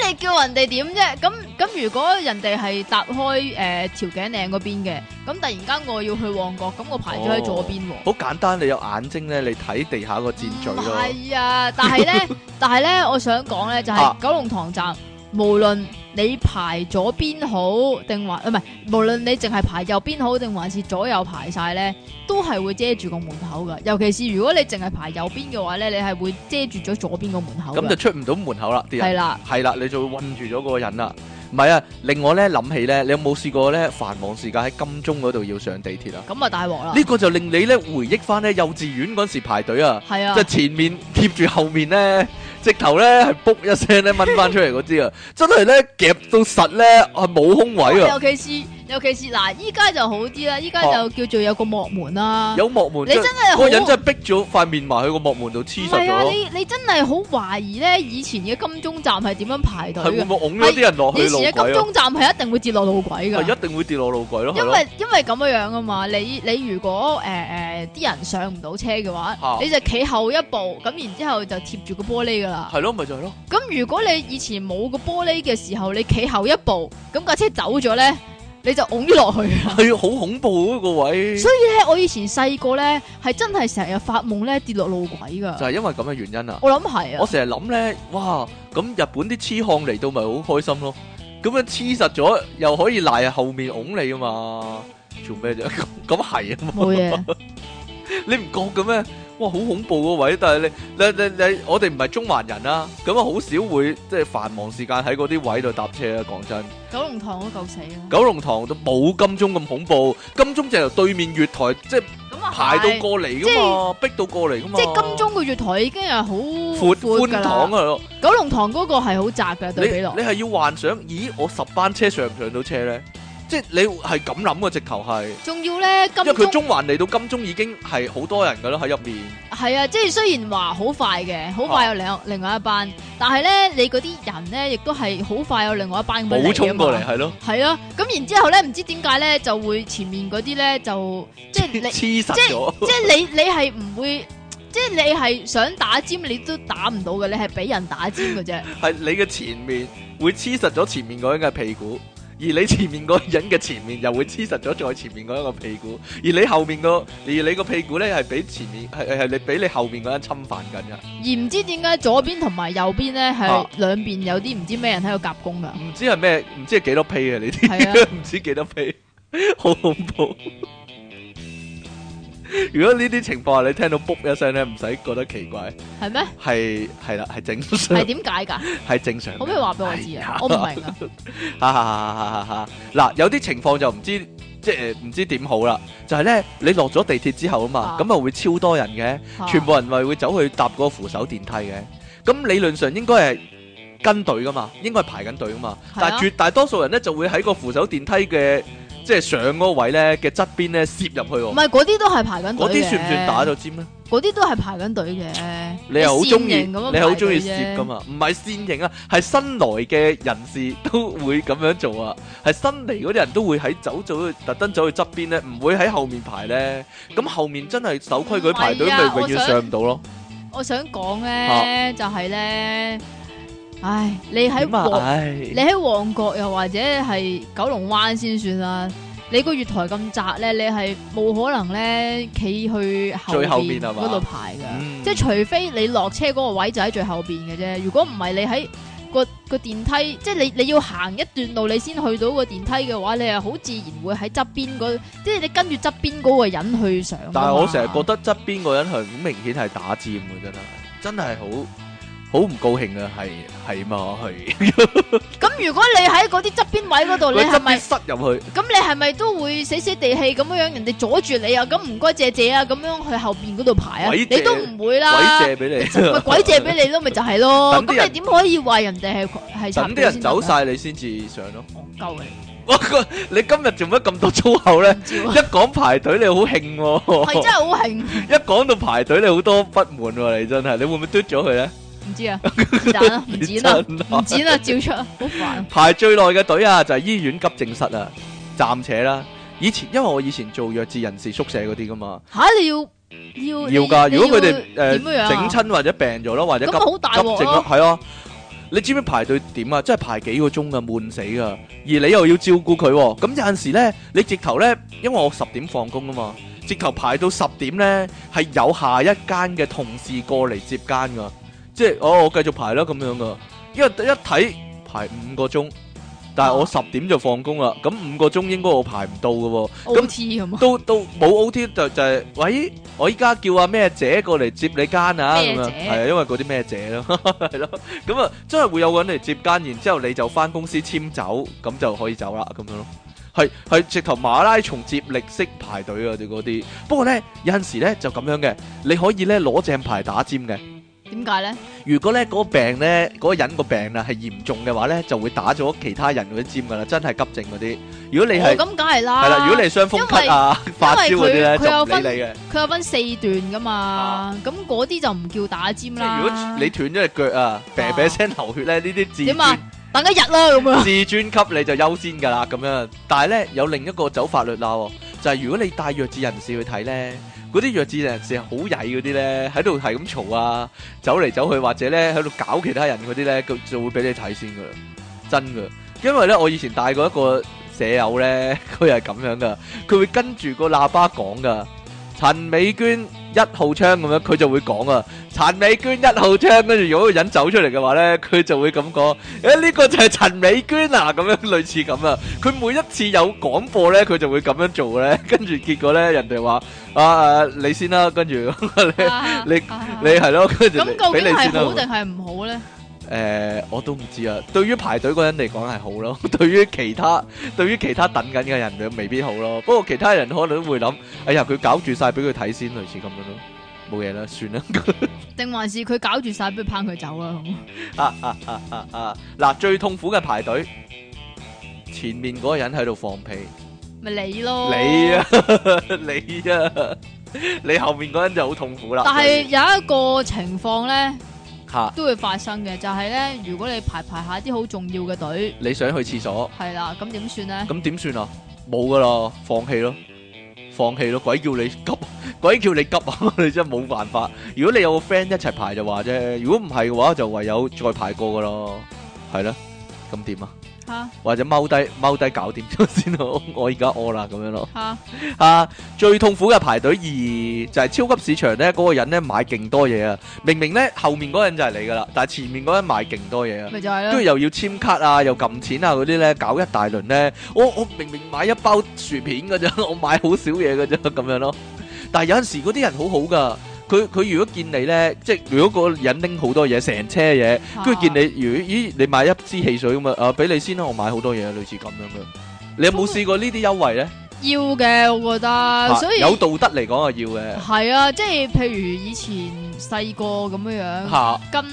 Speaker 2: 你叫人哋點啫？咁咁如果人哋係搭開誒條頸領嗰邊嘅，咁、呃、突然間我要去旺角，咁我排咗喺左邊。
Speaker 1: 好、哦、簡單，你有眼睛咧，你睇地下個箭嘴咯。係、
Speaker 2: 嗯、啊，但係咧， 但係咧，我想講咧就係、是、九龍塘站、啊、無論。你排左邊好定或唔係，無論你淨係排右邊好定還是左右排晒咧，都係會遮住個門口㗎。尤其是如果你淨係排右邊嘅話咧，你係會遮住咗左邊個門口，咁就出
Speaker 1: 唔到門口啦。係啦的，係啦，你就困住咗嗰個人啦。唔係啊，令我咧諗起咧，你有冇試過咧繁忙時間喺金鐘嗰度要上地鐵啊？咁啊大鑊啦！呢個就令你咧回憶翻咧幼稚園嗰時排隊啊，即係、啊、前面貼住後面咧，直頭咧係卜一聲咧掹翻出嚟嗰支 呢夾呢啊，真係咧夾到實咧係冇空位啊！尤
Speaker 2: 其是。尤其是嗱，依家就好啲啦，依家就叫做有個幕門啦、啊，有
Speaker 1: 幕門，你真係嗰是個人真係逼咗塊面埋去個幕門度黐實咗。係啊，你
Speaker 2: 你真係好懷疑咧，以前嘅金鐘站係點樣排隊嘅？係咪拱咗啲人落去路軌？以前嘅金鐘站係一定會跌落路軌噶，係一
Speaker 1: 定會跌落路軌咯。因為
Speaker 2: 因為咁樣樣啊嘛，你你如果誒誒啲人上唔到車嘅話，啊、你就企後一步，咁然之後就貼住個玻璃噶啦。係咯，咪就係、是、咯。咁如果你以前冇個玻璃嘅時候，你企後一步，咁架車走咗咧？你就㧬落去，
Speaker 1: 係好恐怖嗰個位。所以
Speaker 2: 咧，我以前細個咧係真係成日發夢咧跌落路
Speaker 1: 軌噶，就係因為咁嘅原因啊。我諗係啊，我成日諗咧，哇！咁日本啲痴漢嚟到咪好開心咯。咁樣黐實咗又可以賴喺後面㧬你啊嘛，做咩啫？咁係啊，冇嘢，你唔覺嘅咩？哇，好恐怖個位！但係你你你你，我哋唔係中環人啊。咁啊好少會即係繁忙時間喺嗰啲位度搭車啊。講真，九龍，九龍
Speaker 2: 塘都夠死
Speaker 1: 啊。九龍塘就冇金鐘咁恐怖，金鐘就由對面月台即係、嗯、排到過嚟噶嘛，即逼到過嚟噶嘛。即係金
Speaker 2: 鐘個月台已經係好闊闊噶啦。九龍塘嗰個係好窄㗎，對比落。你係
Speaker 1: 要幻想，咦？我十班車上唔上到車咧？即係你係咁諗嘅，直頭係，仲
Speaker 2: 要咧金。因為佢中
Speaker 1: 環嚟到金鐘已經係好多人噶咯喺入面。
Speaker 2: 係啊，即係雖然話好快嘅，好快有兩、啊、另外一班，但係咧你嗰啲人咧亦都係好快有另外一班補充過嚟，係咯嘛，係了啊，咁然之後咧，唔知點解咧就會前面嗰啲咧就即係你黐實咗，即係你 病 即即你係唔會，即係你係想打尖你都打唔到嘅，你係俾人打尖嘅啫。
Speaker 1: 係 你嘅前面會黐實咗前面人嘅屁股。而你前面嗰人嘅前面又會黐實咗再前面嗰一個屁股，而你後面個而你個屁股咧係俾前面係係係你俾你後面嗰人侵犯緊㗎。而
Speaker 2: 唔知點解左邊同埋右邊咧係兩邊有啲唔知咩人喺度夾攻㗎？唔
Speaker 1: 知係咩？唔知係幾多屁啊？知知你啲唔知幾、啊、 多屁！ 好恐怖。 如果呢啲情況下你聽到卜一聲咧，唔使覺得奇怪，係咩嗎？係係啦，係正常。係點
Speaker 2: 解噶？
Speaker 1: 係正常。可唔可
Speaker 2: 以話俾我知啊？我唔明。吓吓吓
Speaker 1: 嗱，有啲情況就唔知即係唔知點好啦。就係、是、咧，你落咗地鐵之後啊嘛，咁啊會超多人嘅，啊、全部人咪會走去搭嗰個扶手電梯嘅。咁理論上應該係跟隊噶嘛，應該係排緊隊噶嘛。的但係絕大多數人咧就會喺個扶手電梯嘅。即係上嗰位咧嘅側邊咧攝入去喎，唔係
Speaker 2: 嗰啲都係排緊隊嘅？嗰啲算唔算打咗尖咧？嗰啲都係排緊隊嘅。你又好中意，你又好中意攝噶嘛？
Speaker 1: 唔係線型啊，係新來嘅人士都會咁樣做啊，係新嚟嗰啲人都會喺走走特登走去側邊咧，唔會喺後面排咧。咁後面真係守規矩排隊，咪永遠上唔到咯。
Speaker 2: 我想講咧，就係咧。唉，你喺旺、啊、你喺旺角又或者係九龍灣先算啦。你個月台咁窄咧，你係冇可能咧企去後邊嗰度排嘅。即係除非你落車嗰個位就喺最後邊嘅啫。如果唔係，那個，你喺個個電梯，即係你你要行一段路，你先去到個電梯嘅話，你係好自然會喺側邊嗰，即係你跟住側邊嗰個人去上。但係我成日覺
Speaker 1: 得側邊嗰人係好明顯係打尖嘅，真係真係好。好唔高興啊，係係嘛，係。
Speaker 2: 咁如果你喺嗰啲側邊位嗰度，你係咪塞入去？咁你係咪都會死死地氣咁樣，人哋阻住你啊？咁唔該，借借啊，咁樣去後邊嗰度排啊。你都唔會啦，鬼借
Speaker 1: 俾你，咪鬼借俾你
Speaker 2: 咯，咪就係咯。咁你點可以話人哋係係？等啲人走
Speaker 1: 晒，你先至上咯。戇鳩
Speaker 2: 你，
Speaker 1: 我個你今日做乜咁多粗口咧？一講排隊你好興，係真係好興。一講到排隊你好多不滿，你真係，你會唔會嘟咗佢咧？
Speaker 2: 唔知啊，唔剪啦，唔剪啦，照出好
Speaker 1: 煩、啊。啊、排最耐嘅隊啊，就係、是、醫院急症室啊。暫且啦，以前因為我以前做弱智人士宿舍嗰啲噶嘛，
Speaker 2: 吓你要要要噶的。要如果佢哋誒整
Speaker 1: 親或者病咗咯、啊，或者急大、啊、急症室、啊、係啊。你知唔知排隊點啊？真係排幾個鐘啊，悶死噶。而你又要照顧佢、啊，咁有陣時咧，你直頭咧，因為我十點放工啊嘛，直頭排到十點咧，係有下一間嘅同事過嚟接間噶。即係，哦，我繼續排啦咁樣噶，因為一睇排五個鐘，但係我十點就放工啦，咁五個鐘應該我排唔到噶，O T 咁，都都冇 O T 就就係，喂，我依家叫阿咩姐過嚟接你更啊，係啊，因為嗰啲咩姐咯，係咯，咁啊，真係會有個人嚟接更，然之後你就返公司簽走，咁就可以走啦，咁樣咯，係係直頭馬拉松接力式排隊啊，就嗰啲，不過咧有陣時咧就咁樣嘅，你可以咧攞正牌打尖嘅。
Speaker 2: 點解咧？
Speaker 1: 如果咧嗰個病咧嗰個人個病啊係嚴重嘅話咧，就會打咗其他人嗰啲尖噶啦，真係急症嗰啲。如果你係咁，
Speaker 2: 梗係啦。係啦，如果你係傷
Speaker 1: 風咳啊發燒嗰啲咧，就唔理嘅。
Speaker 2: 佢有分四段噶嘛？咁嗰啲就唔叫打尖啦。如果你
Speaker 1: 斷咗隻腳啊，喋喋聲流血咧，呢啲自點啊？等一日啦，咁樣。至尊級你就優先噶啦，咁樣。但係咧有另一個走法律啦，就係如果你帶弱智人士去睇咧。嗰啲弱智人士好曳嗰啲咧，喺度係咁嘈啊，走嚟走去或者咧喺度搞其他人嗰啲咧，佢就，就會俾你睇先噶啦，真噶。因為咧我以前帶過一個舍友咧，佢係咁樣噶，佢會跟住個喇叭講噶，陳美娟。一號槍咁樣，佢就會講啊陳美娟一號槍，跟住如果個人走出嚟嘅話咧，佢就會咁講，誒、欸、呢、這個就係陳美娟啊，咁樣類似咁啊。佢每一次有廣播咧，佢就會咁樣做咧，跟住結果咧，人哋話啊、呃、你先啦，跟住、啊、 你、啊、你、啊、你係咯，咁、啊、究竟係好定係唔好咧？誒、呃，我都唔知啊。對於排隊嗰人嚟講係好咯 對，對於其他對於其他等緊嘅人，未必好咯。不過其他人可能會諗：哎呀，佢搞住晒俾佢睇先，類似咁樣咯。冇嘢啦，算啦。
Speaker 2: 定 還是佢搞住晒，不如拚佢走啊？啊嗱、啊啊啊啊
Speaker 1: 啊啊啊，最痛苦嘅排隊，前面嗰個人喺度放屁，
Speaker 2: 咪你咯，你啊， 你啊，
Speaker 1: 你啊， 你後面嗰人就好痛苦啦。但係
Speaker 2: 有一個情況咧。 都會發生嘅，就係咧，如果你排排下啲好重要嘅隊，
Speaker 1: 你想去廁所，
Speaker 2: 係啦，咁點算咧？
Speaker 1: 咁點算啊？冇噶咯，放棄咯，放棄咯，鬼叫你急，鬼叫你急啊！ 你真係冇辦法。如果你有個 friend 一齊排就話啫，如果唔係嘅話就唯有再排過噶咯，係啦，咁點啊？或者踎低踎低搞掂咗先咯，我而家屙啦，咁樣咯。吓吓，最痛苦嘅排隊二就係超級市場咧，嗰個人咧買勁多嘢啊，明明咧後面嗰個人就係你噶啦，但係前面嗰人買勁多嘢啊，咪就係咯。跟住又要簽卡啊，又撳錢啊嗰啲咧，搞一大輪咧。我我明明買一包薯片噶啫，我買好少嘢噶啫咁樣咯。但係有陣時嗰啲人好好噶。佢佢如果見你咧，即係如果個人拎好多嘢，成車嘢，跟住見你，如果咦你買一支汽水咁啊，啊俾你先啦，我買好多嘢，類似咁樣嘅。你有冇試過呢啲優惠咧？
Speaker 2: 要嘅，我覺得，所以有
Speaker 1: 道德嚟講啊，要嘅。
Speaker 2: 係啊，即係譬如以前細個咁樣樣，跟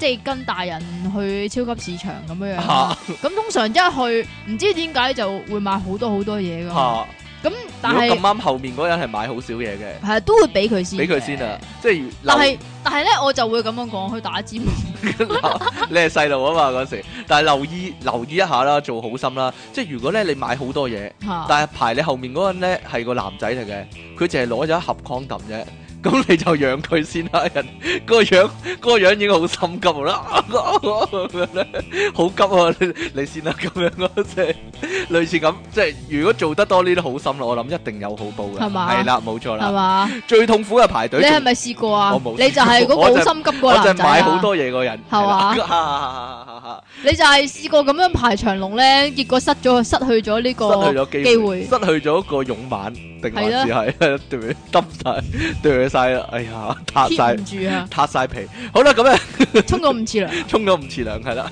Speaker 2: 即係跟大人去超級市場咁樣樣，咁通常一去唔知點解就會買好多好多嘢㗎。
Speaker 1: 咁、嗯、但係咁啱後面嗰人係買好少嘢嘅，係都
Speaker 2: 會俾佢先，俾佢先
Speaker 1: 啊！即係，但係
Speaker 2: 但係咧，我就會咁樣講，去打尖 你。
Speaker 1: 你係細路啊嘛嗰時，但係留意留意一下啦，做好心啦。即係如果咧你，你買好多嘢，啊、但係排你後面嗰個咧係個男仔嚟嘅，佢淨係攞咗一盒 condom 啫。咁你就養佢先啦，人嗰個樣，嗰個樣已經好心急啦，好急啊！你先啦，咁樣咯，即係類似咁，即係如果做得多呢啲好心咯，我諗一定有好報嘅，係嘛？係啦，冇錯啦，係嘛？最痛苦嘅排隊。你係咪
Speaker 2: 試過啊？你就係個好心急個男仔，我就買好多
Speaker 1: 嘢個人，係嘛？
Speaker 2: 你就係試過咁樣排長龍咧，結果失咗，失去咗呢個機會，失
Speaker 1: 去咗一個勇猛。定係咯，對，執晒，對晒啦，哎呀，撻晒，撻晒皮。好啦，咁咧，沖咗五次涼，沖咗五次涼，係啦。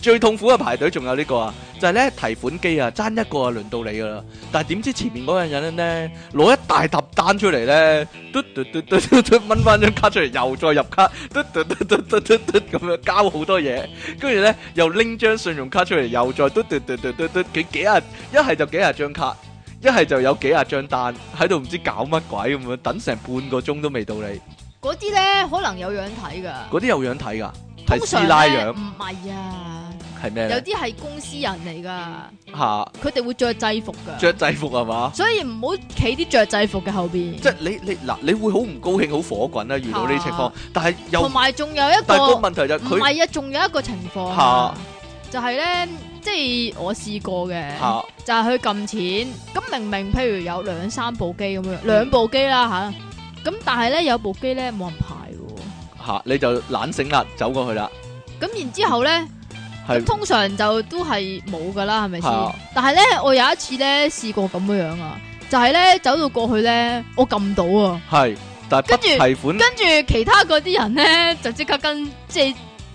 Speaker 1: 最痛苦嘅排隊仲有呢個啊，就係咧，提款機啊，爭一個啊輪到你噶啦。但係點知前面嗰個人咧攞一大沓單出嚟咧，嘟嘟嘟嘟，嘟，掹翻張卡出嚟，又再入卡，嘟嘟嘟嘟嘟嘟，咁樣交好多嘢，跟住咧又拎張信用卡出嚟，又再嘟嘟嘟嘟嘟嘟，幾幾啊，一係就幾啊張卡。一係就有幾廿張單喺度，唔知搞乜鬼咁樣，等成半個鐘都未到你。
Speaker 2: 嗰啲咧可能有樣睇噶，
Speaker 1: 嗰啲有樣睇噶，係師奶樣
Speaker 2: 唔係啊？係咩？有啲係公司人嚟噶，吓，佢哋會着制服噶，着
Speaker 1: 制服係嘛？所以
Speaker 2: 唔好企啲着制服嘅後邊。
Speaker 1: 即係你你嗱，你會好唔高興，好火滾啊！遇到呢啲情況，但係又同埋
Speaker 2: 仲有一個問題就係佢，唔係啊，仲有一個情況吓，就係咧。即係我試過嘅，啊、就係去撳錢，咁明明譬如有兩三部機咁樣，兩、嗯、部機啦吓，咁、啊、但係咧有部機咧冇
Speaker 1: 人排喎，吓、啊、你就懶醒啦，走過去啦，
Speaker 2: 咁然之後咧，嗯、通常就都係冇噶啦，係咪先？是是啊、但係咧，我有一次咧試過咁樣樣啊，就係、是、咧走到過去咧，我撳到啊，
Speaker 1: 係，但係唔提款跟，跟
Speaker 2: 住其他嗰啲人咧就即刻跟即係。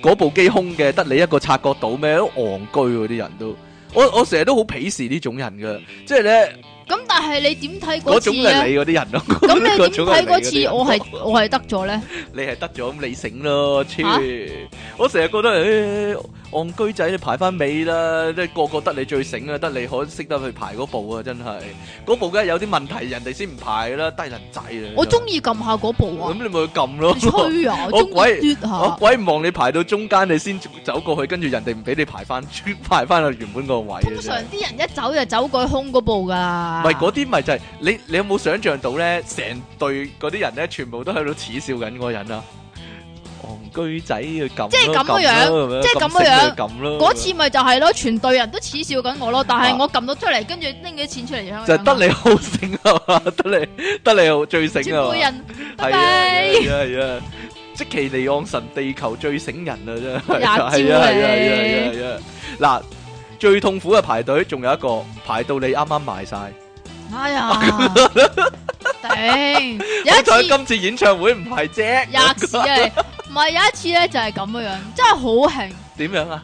Speaker 1: 嗰部機空嘅，得你一個察覺到咩？都戇居，嗰啲人都，我我成日都好鄙視呢種人嘅，即係咧。
Speaker 2: 嗯但係你點睇嗰次咧？咁
Speaker 1: 你點睇嗰次？我係
Speaker 2: 我係得咗咧？
Speaker 1: 你係得咗，咁你醒咯，吹！我成日覺得，哎，戇居仔你排翻尾啦，即係個個得你最醒啊，得你可識得去排嗰步啊，真係嗰步梗係有啲問題，人哋先唔排啦，低人仔啊！我中
Speaker 2: 意撳下嗰步啊！咁
Speaker 1: 你咪去撳咯，吹啊！我鬼，我鬼望你排到中間，你先走過去，跟住人哋唔俾你排翻，排翻去原本個位。通常
Speaker 2: 啲人一走就走過去空嗰步噶，唔係
Speaker 1: 嗰。啲咪就係你，你有冇想象到咧？成隊嗰啲人咧，全部都喺度恥笑緊個人啊！戇居仔，佢撳，即係咁樣，即係咁樣撳咯。嗰次
Speaker 2: 咪就係咯，全隊人都恥笑緊我咯。但係我撳到出嚟，跟住拎幾錢出嚟啊！就
Speaker 1: 係得你好醒啊，得你得你好最醒啊！千杯人係啊係啊，積淇離岸神地球最醒人啊，真係廿招係啊係啊係啊！嗱，最痛苦嘅排隊，仲有一個排到你啱啱埋晒。
Speaker 2: 哎呀，頂！有一次今
Speaker 1: 次演唱會唔係啫，吔
Speaker 2: 屎唔係有一次咧就係咁嘅樣，真係好慶。點樣啊？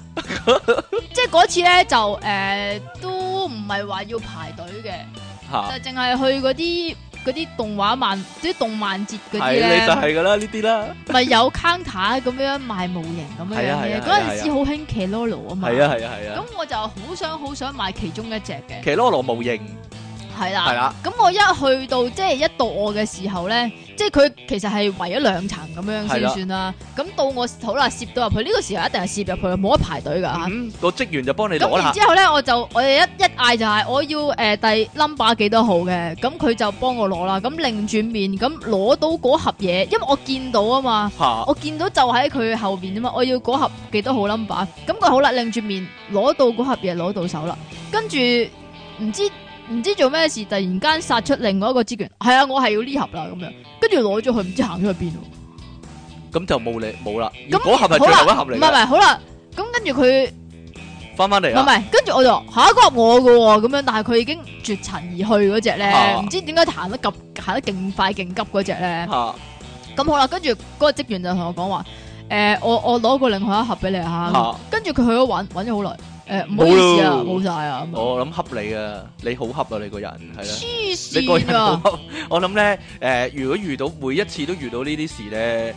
Speaker 2: 即係嗰次咧就誒都唔係話要排隊嘅，就淨係去嗰啲嗰啲動畫漫，啲動漫節嗰啲咧你就係噶啦呢啲啦，咪有 counter 咁樣賣模型咁樣嘅。嗰陣時好興奇洛羅啊嘛，係啊係啊係啊。咁我就好想好想買其中一隻嘅奇
Speaker 1: 洛羅模型。係啦，
Speaker 2: 咁的我一去到即係、就是、一到我嘅時候咧，即係佢其實係圍咗兩層咁樣先算啦。咁的到我好啦，攝到入去呢、這個時候，一定係攝入去，冇得排隊噶吓。
Speaker 1: 個職、嗯、員就幫你攞啦。之後
Speaker 2: 咧，我就我哋一一嗌就係我要誒、呃、第 number 幾多號嘅，咁佢就幫我攞啦。咁擰轉面，咁攞到嗰盒嘢，因為我見到啊嘛，哈我見到就喺佢後邊啫嘛。我要嗰盒幾多號 number，咁佢好啦，擰轉面攞到嗰盒嘢，攞到手啦。跟住唔知。唔知做咩事，突然間殺出另外一個職員。係啊，我係要呢盒啦咁樣，跟住攞咗佢，唔知行咗去邊。
Speaker 1: 咁就冇你冇啦。咁嗰如果 那盒係最後一盒嚟。唔係唔係，
Speaker 2: 好啦。咁跟住佢
Speaker 1: 翻翻嚟。唔係，
Speaker 2: 跟住來我就，吓，嗰盒我㗎喎。咁樣，但係佢已經絕塵而去嗰隻咧，唔、啊、知點解行得咁急，行得勁快勁急嗰隻咧。吓咁好啦，跟住嗰個職員就同我講話，誒、呃，我我攞個另外一盒俾你吓。跟住佢去咗揾，揾咗好耐。誒，冇事啊，冇晒
Speaker 1: 啊。我諗恰你啊，你好恰啊，你個人係啦，
Speaker 2: 你個人好恰
Speaker 1: 啊。我諗咧，誒，如果遇到每一次都遇到呢啲事咧，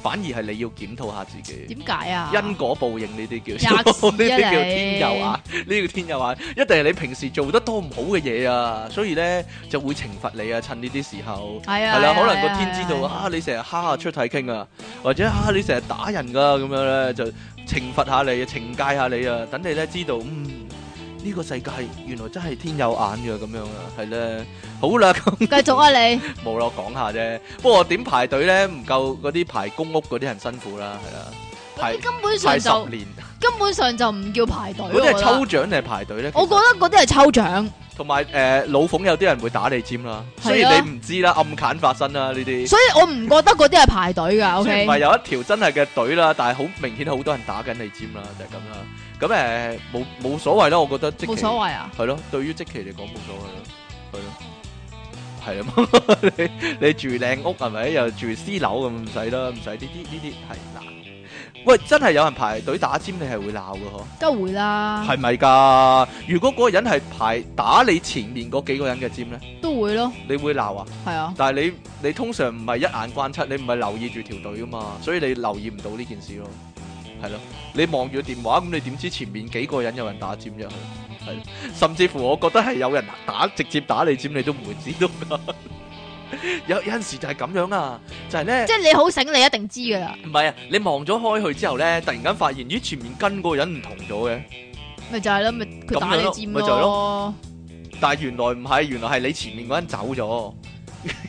Speaker 1: 反而係你要檢討下自己。點解啊？因果報應呢啲叫，呢啲叫天佑啊，呢個天佑啊，一定係你平時做得多唔好嘅嘢啊，所以咧就會懲罰你啊，趁呢啲時候係啦，可能個天知道啊，你成日蝦下出體 king 啊，或者啊，你成日打人噶咁樣咧就。懲罰下你，懲戒下你啊！等你咧知道，嗯，呢個世界原來真係天有眼嘅咁樣啊，係咧。好啦，咁繼續啊你。冇啦，我講下啫。不過我點排隊咧，唔夠嗰啲排公屋嗰啲人辛苦啦，係啦。排十年，根本上就
Speaker 2: 根本上就唔叫排
Speaker 1: 隊。嗰啲係抽獎定係排隊咧？我
Speaker 2: 覺得嗰啲係抽獎。
Speaker 1: 同埋誒老馮有啲人會打你尖啦，啊、雖然你唔知啦，暗砍發生啦呢啲。所以我唔
Speaker 2: 覺得嗰啲係排隊噶，OK？唔係有一
Speaker 1: 條真係嘅隊啦，但係好明顯好多人打緊你尖啦，就係、是、咁啦。咁誒冇冇所謂啦，我覺得積淇冇所謂啊。係咯，對於積淇嚟講冇所謂咯，係咯，係啊嘛。你你住靚屋係咪？又住私樓咁唔使啦，唔使呢啲呢啲係嗱。喂，真係有人排隊打尖，你係會鬧嘅嗬？
Speaker 2: 都會啦。係
Speaker 1: 咪噶？如果嗰個人係排打你前面嗰幾個人嘅尖咧，都會咯。你會鬧是啊？係啊。但係你你通常唔係一眼關七，你唔係留意住條隊㗎嘛，所以你留意唔到呢件事咯。係咯，你望住個電話，咁你點知前面幾個人有人打尖入去？係，甚至乎我覺得係有人打直接打你尖，你都唔會知道噶。 有有陣時就係咁樣啊，就係、是、咧，即係你好
Speaker 2: 醒，你一定知噶啦。
Speaker 1: 唔係啊，你望咗開去之後咧，突然間發現咦，前面跟個人唔同咗嘅，
Speaker 2: 咪、嗯、就係、是、咯，咪佢打你戰咯。咪就係、是、咯，
Speaker 1: 但係原來唔係，原來係你前面嗰人走咗，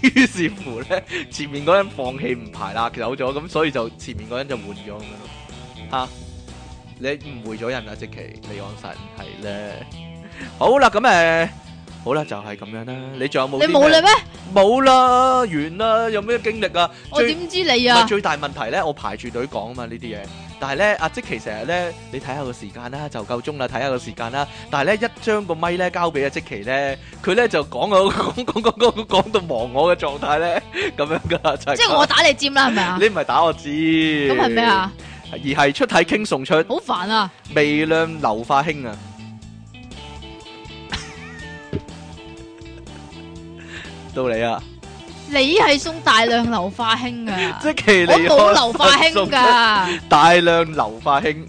Speaker 1: 於 是乎咧，前面嗰人放棄唔排啦，走咗，咁所以就前面嗰人就換咗咁樣咯。吓、啊，你誤會咗人啊，積淇離岸神，係咧，好啦，咁、嗯、誒。嗯。好啦，就係咁樣啦。你仲有冇？你冇啦咩？冇啦，完啦。有咩經歷啊？我點知你啊？最大問題咧，我排住隊講啊嘛呢啲嘢。但係咧，阿積淇成日咧，你睇下個時間啦，就夠鐘啦。睇下個時間啦。但係咧，一將個咪咧交俾阿積淇咧，佢咧就講個講講講講講到忘我嘅狀態咧，咁樣噶就。即係我打你尖啦，係咪啊？你唔係打我知。咁係咩啊？而係出體傾慫出。好煩啊！微亮流化輕啊！到你啊！
Speaker 2: 你係送大量硫化氫啊！積
Speaker 1: 淇離岸，我冇硫化氫噶。大量硫化氫，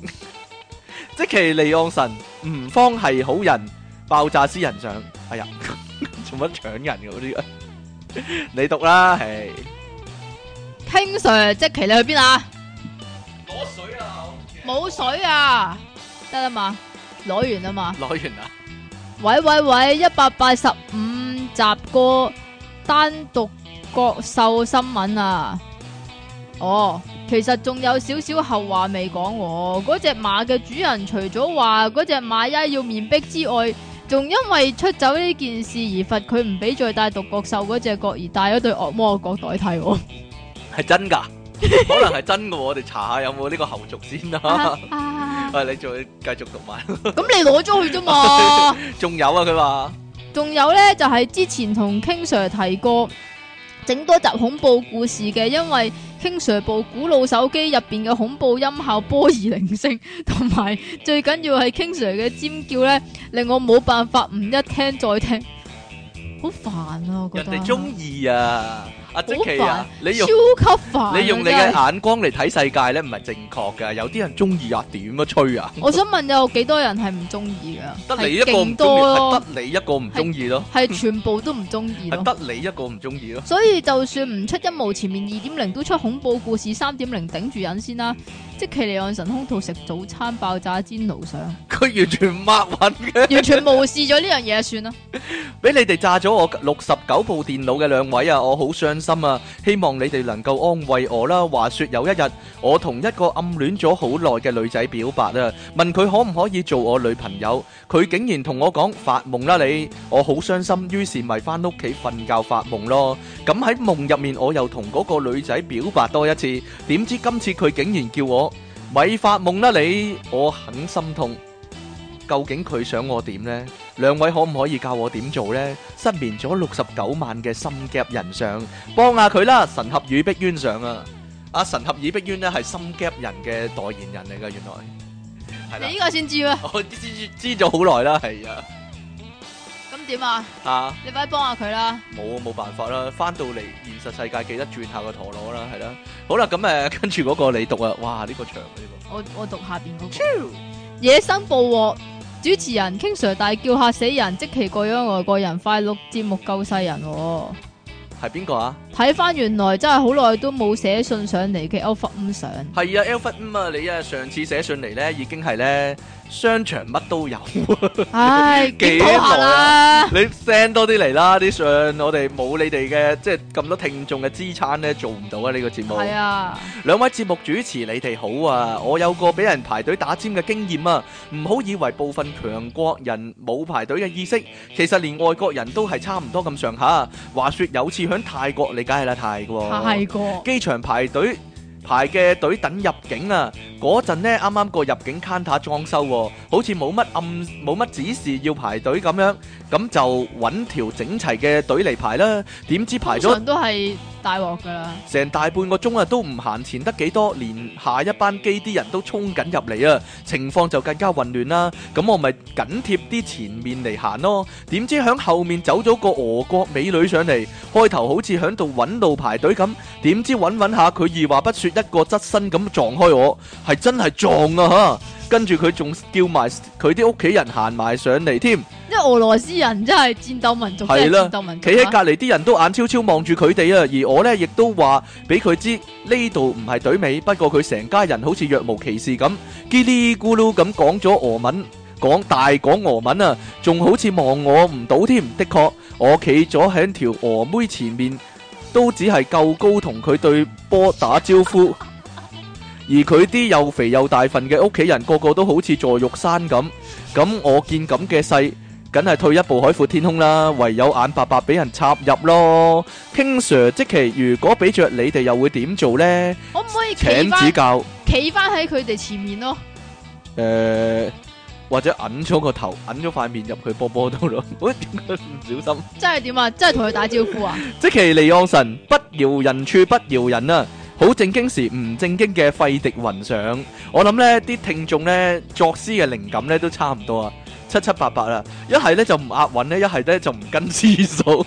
Speaker 1: 積淇離岸神吳芳係好人，爆炸私人上。哎呀，做乜搶人嘅嗰啲？你讀啦，係。
Speaker 2: King Sir，積淇你去
Speaker 1: 邊啊？攞水啊！冇水啊？
Speaker 2: 得啦嘛，攞完啦嘛，攞完啦。喂喂喂，一百八十五集過。單獨角獸新聞啊，哦，其實仲有少少後話未講，嗰隻馬嘅主人除咗話嗰隻馬呀要面壁之外，仲因為出走呢件事而罰佢唔俾再帶獨角獸嗰隻角而帶咗對惡魔角代替，
Speaker 1: 係真噶？ 可能係真噶，我哋查下有冇呢個後續先啦。喂，你再繼續讀埋。咁
Speaker 2: 你攞咗去啫嘛？
Speaker 1: 仲 有啊，佢話。
Speaker 2: 仲有呢，就係、是、之前同 King Sir 提過整多集恐怖故事嘅，因為 King Sir 部古老手機入邊嘅恐怖音效波而鈴聲，同埋最緊要係 King Sir 嘅尖叫咧，令我冇辦法唔一聽再聽。好煩啊！我
Speaker 1: 覺得人哋中意啊，阿積淇啊，啊你用超
Speaker 2: 級煩、啊、你用你嘅眼
Speaker 1: 光嚟睇世界咧，唔係正確嘅。有啲人中意啊，點樣吹啊？啊我想
Speaker 2: 問有幾多人係唔中意嘅？得 你一個唔中意，係得
Speaker 1: 你一個唔中意咯？
Speaker 2: 係全部都唔中意，
Speaker 1: 得 你一個唔中意咯？ 所以
Speaker 2: 就算唔出一模，前面二點零都出恐怖故事，三點零頂住人先啦。即係積淇離岸神空圖》食早餐爆炸煎爐上，
Speaker 1: 佢完全唔抹暈嘅，完全無
Speaker 2: 視咗呢樣嘢，算啦。
Speaker 1: 俾你哋炸咗我六十九部電腦嘅兩位啊，我好傷心啊！希望你哋能夠安慰我啦。話說有一日，我同一個暗戀咗好耐嘅女仔表白啊，問佢可唔可以做我女朋友，佢竟然同我講發夢啦你，我好傷心，於是咪翻屋企瞓覺發夢咯。咁喺夢入面，我又同嗰個女仔表白多一次，點知今次佢竟然叫我。咪發夢啦你！我很心痛，究竟佢想我點呢？兩位可唔可以教我點做呢？失眠咗六十九萬嘅心夾人上幫下佢啦！神合與碧冤上啊！阿神合與碧冤呢係心夾人嘅代言人嚟㗎，原來係
Speaker 2: 啦。你呢個先知啊！我知
Speaker 1: 知知咗好耐啦，係啊。點啊！
Speaker 2: 吓，你快幫下佢啦！
Speaker 1: 冇冇辦法啦，翻到嚟現實世界記得轉下個陀螺啦，係啦。好啦，咁誒，跟住嗰個你讀啊！哇，呢、這個長嘅呢、
Speaker 2: 這個。我我讀下邊嗰、那個。啾野生捕獲主持人，King Sir 大叫嚇死人，即奇過咗外國人快，快樂節目救世人、
Speaker 1: 哦。係邊個啊？
Speaker 2: 睇翻原來真係好耐都冇寫信上嚟嘅，Alfumsh。
Speaker 1: 係啊 a l f 啊，你啊上次寫信嚟咧，已經係咧。商場乜都有，幾 耐啊？ 你 send 多啲嚟啦啲相，我哋冇你哋嘅即係咁多聽眾嘅支撐咧，做唔到啊呢、呢個節目。係啊，兩位節目主持你哋好啊！我有個俾人排隊打尖嘅經驗啊，唔好以為部分強國人冇排隊嘅意識，其實連外國人都係差唔多咁上下。話說有次喺泰國，你梗係啦泰國，泰國機場排隊。排嘅隊等入境啊！嗰陣呢，啱啱個入境 counter 裝修喎、啊，好似冇乜暗冇乜指示要排隊咁樣。咁就揾條整齊嘅隊嚟排啦，點知排咗
Speaker 2: 都係大鑊㗎啦！
Speaker 1: 成大半個鐘啊，都唔行前得幾多，連下一班機啲人都衝緊入嚟啊，情況就更加混亂啦。咁我咪緊貼啲前面嚟行咯。點知喺後面走咗個俄國美女上嚟，開頭好似喺度揾路排隊咁，點知揾揾下佢二話不說，一個側身咁撞開我，係真係撞啊！嚇～跟住佢仲叫埋佢啲屋企人行埋上嚟添，
Speaker 2: 因為俄羅斯人真係戰鬥民族，係啦，戰鬥民族。企喺隔
Speaker 1: 籬啲人都眼超超望住佢哋啊，而我呢亦都話俾佢知呢度唔係隊尾。不過佢成家人好似若無其事咁，嘰哩咕嚕咁講咗俄文，講大講俄文啊，仲好似望我唔到添。的確，我企咗喺條俄妹前面，都只係夠高同佢對波打招呼。而佢啲又肥又大份嘅屋企人個個都好似座玉山咁，咁我見咁嘅勢，梗係退一步海闊天空啦，唯有眼白白俾人插入咯。King Sir，積淇如果俾著你哋，又會點做呢？
Speaker 2: 我唔可以請指教，企翻喺佢哋前面咯。
Speaker 1: 誒，或者揞咗個頭，揞咗塊面入去波波度咯。喂，點解唔小心？
Speaker 2: 真係點啊？真係同佢打招呼啊？
Speaker 1: 積淇離岸神，不饒人處不饒人啊！好正經時唔正經嘅廢迪云上，我諗呢啲聽眾呢作詩嘅靈感呢都差唔多啊，七七八八啦，一係呢就唔押韻咧，一係呢就唔跟字數。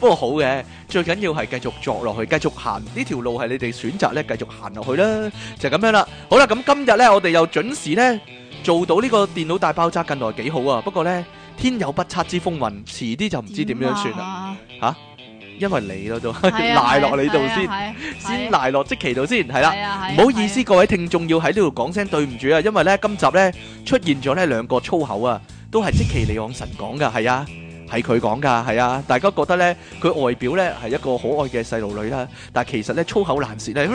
Speaker 1: 不過好嘅，最緊要係繼續作落去，繼續行呢條路係你哋選擇呢繼續行落去啦，就咁樣啦。好啦，咁今日呢，我哋又準時呢做到呢個電腦大爆炸，近來幾好啊。不過呢天有不測之風雲，遲啲就唔知點樣算啦，吓、啊。啊因為你咯，都賴落你度先，先賴落積淇度先，係啦。唔好意思，各位聽眾要喺呢度講聲對唔住啊，因為咧今集咧出現咗咧兩個粗口啊，都係積淇離岸神講噶，係啊，係佢講噶，係啊。大家覺得咧佢外表咧係一個可愛嘅細路女啦，但係其實咧粗口難舌咧咁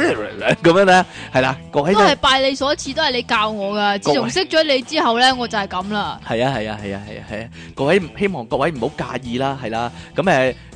Speaker 1: 樣咧，係啦。各位，都係
Speaker 2: 拜你所賜，都係你教我噶。自從識咗你之後咧，我就係咁啦。
Speaker 1: 係啊，係啊，係啊，係啊，各位希望各位唔好介意啦，係啦，咁誒。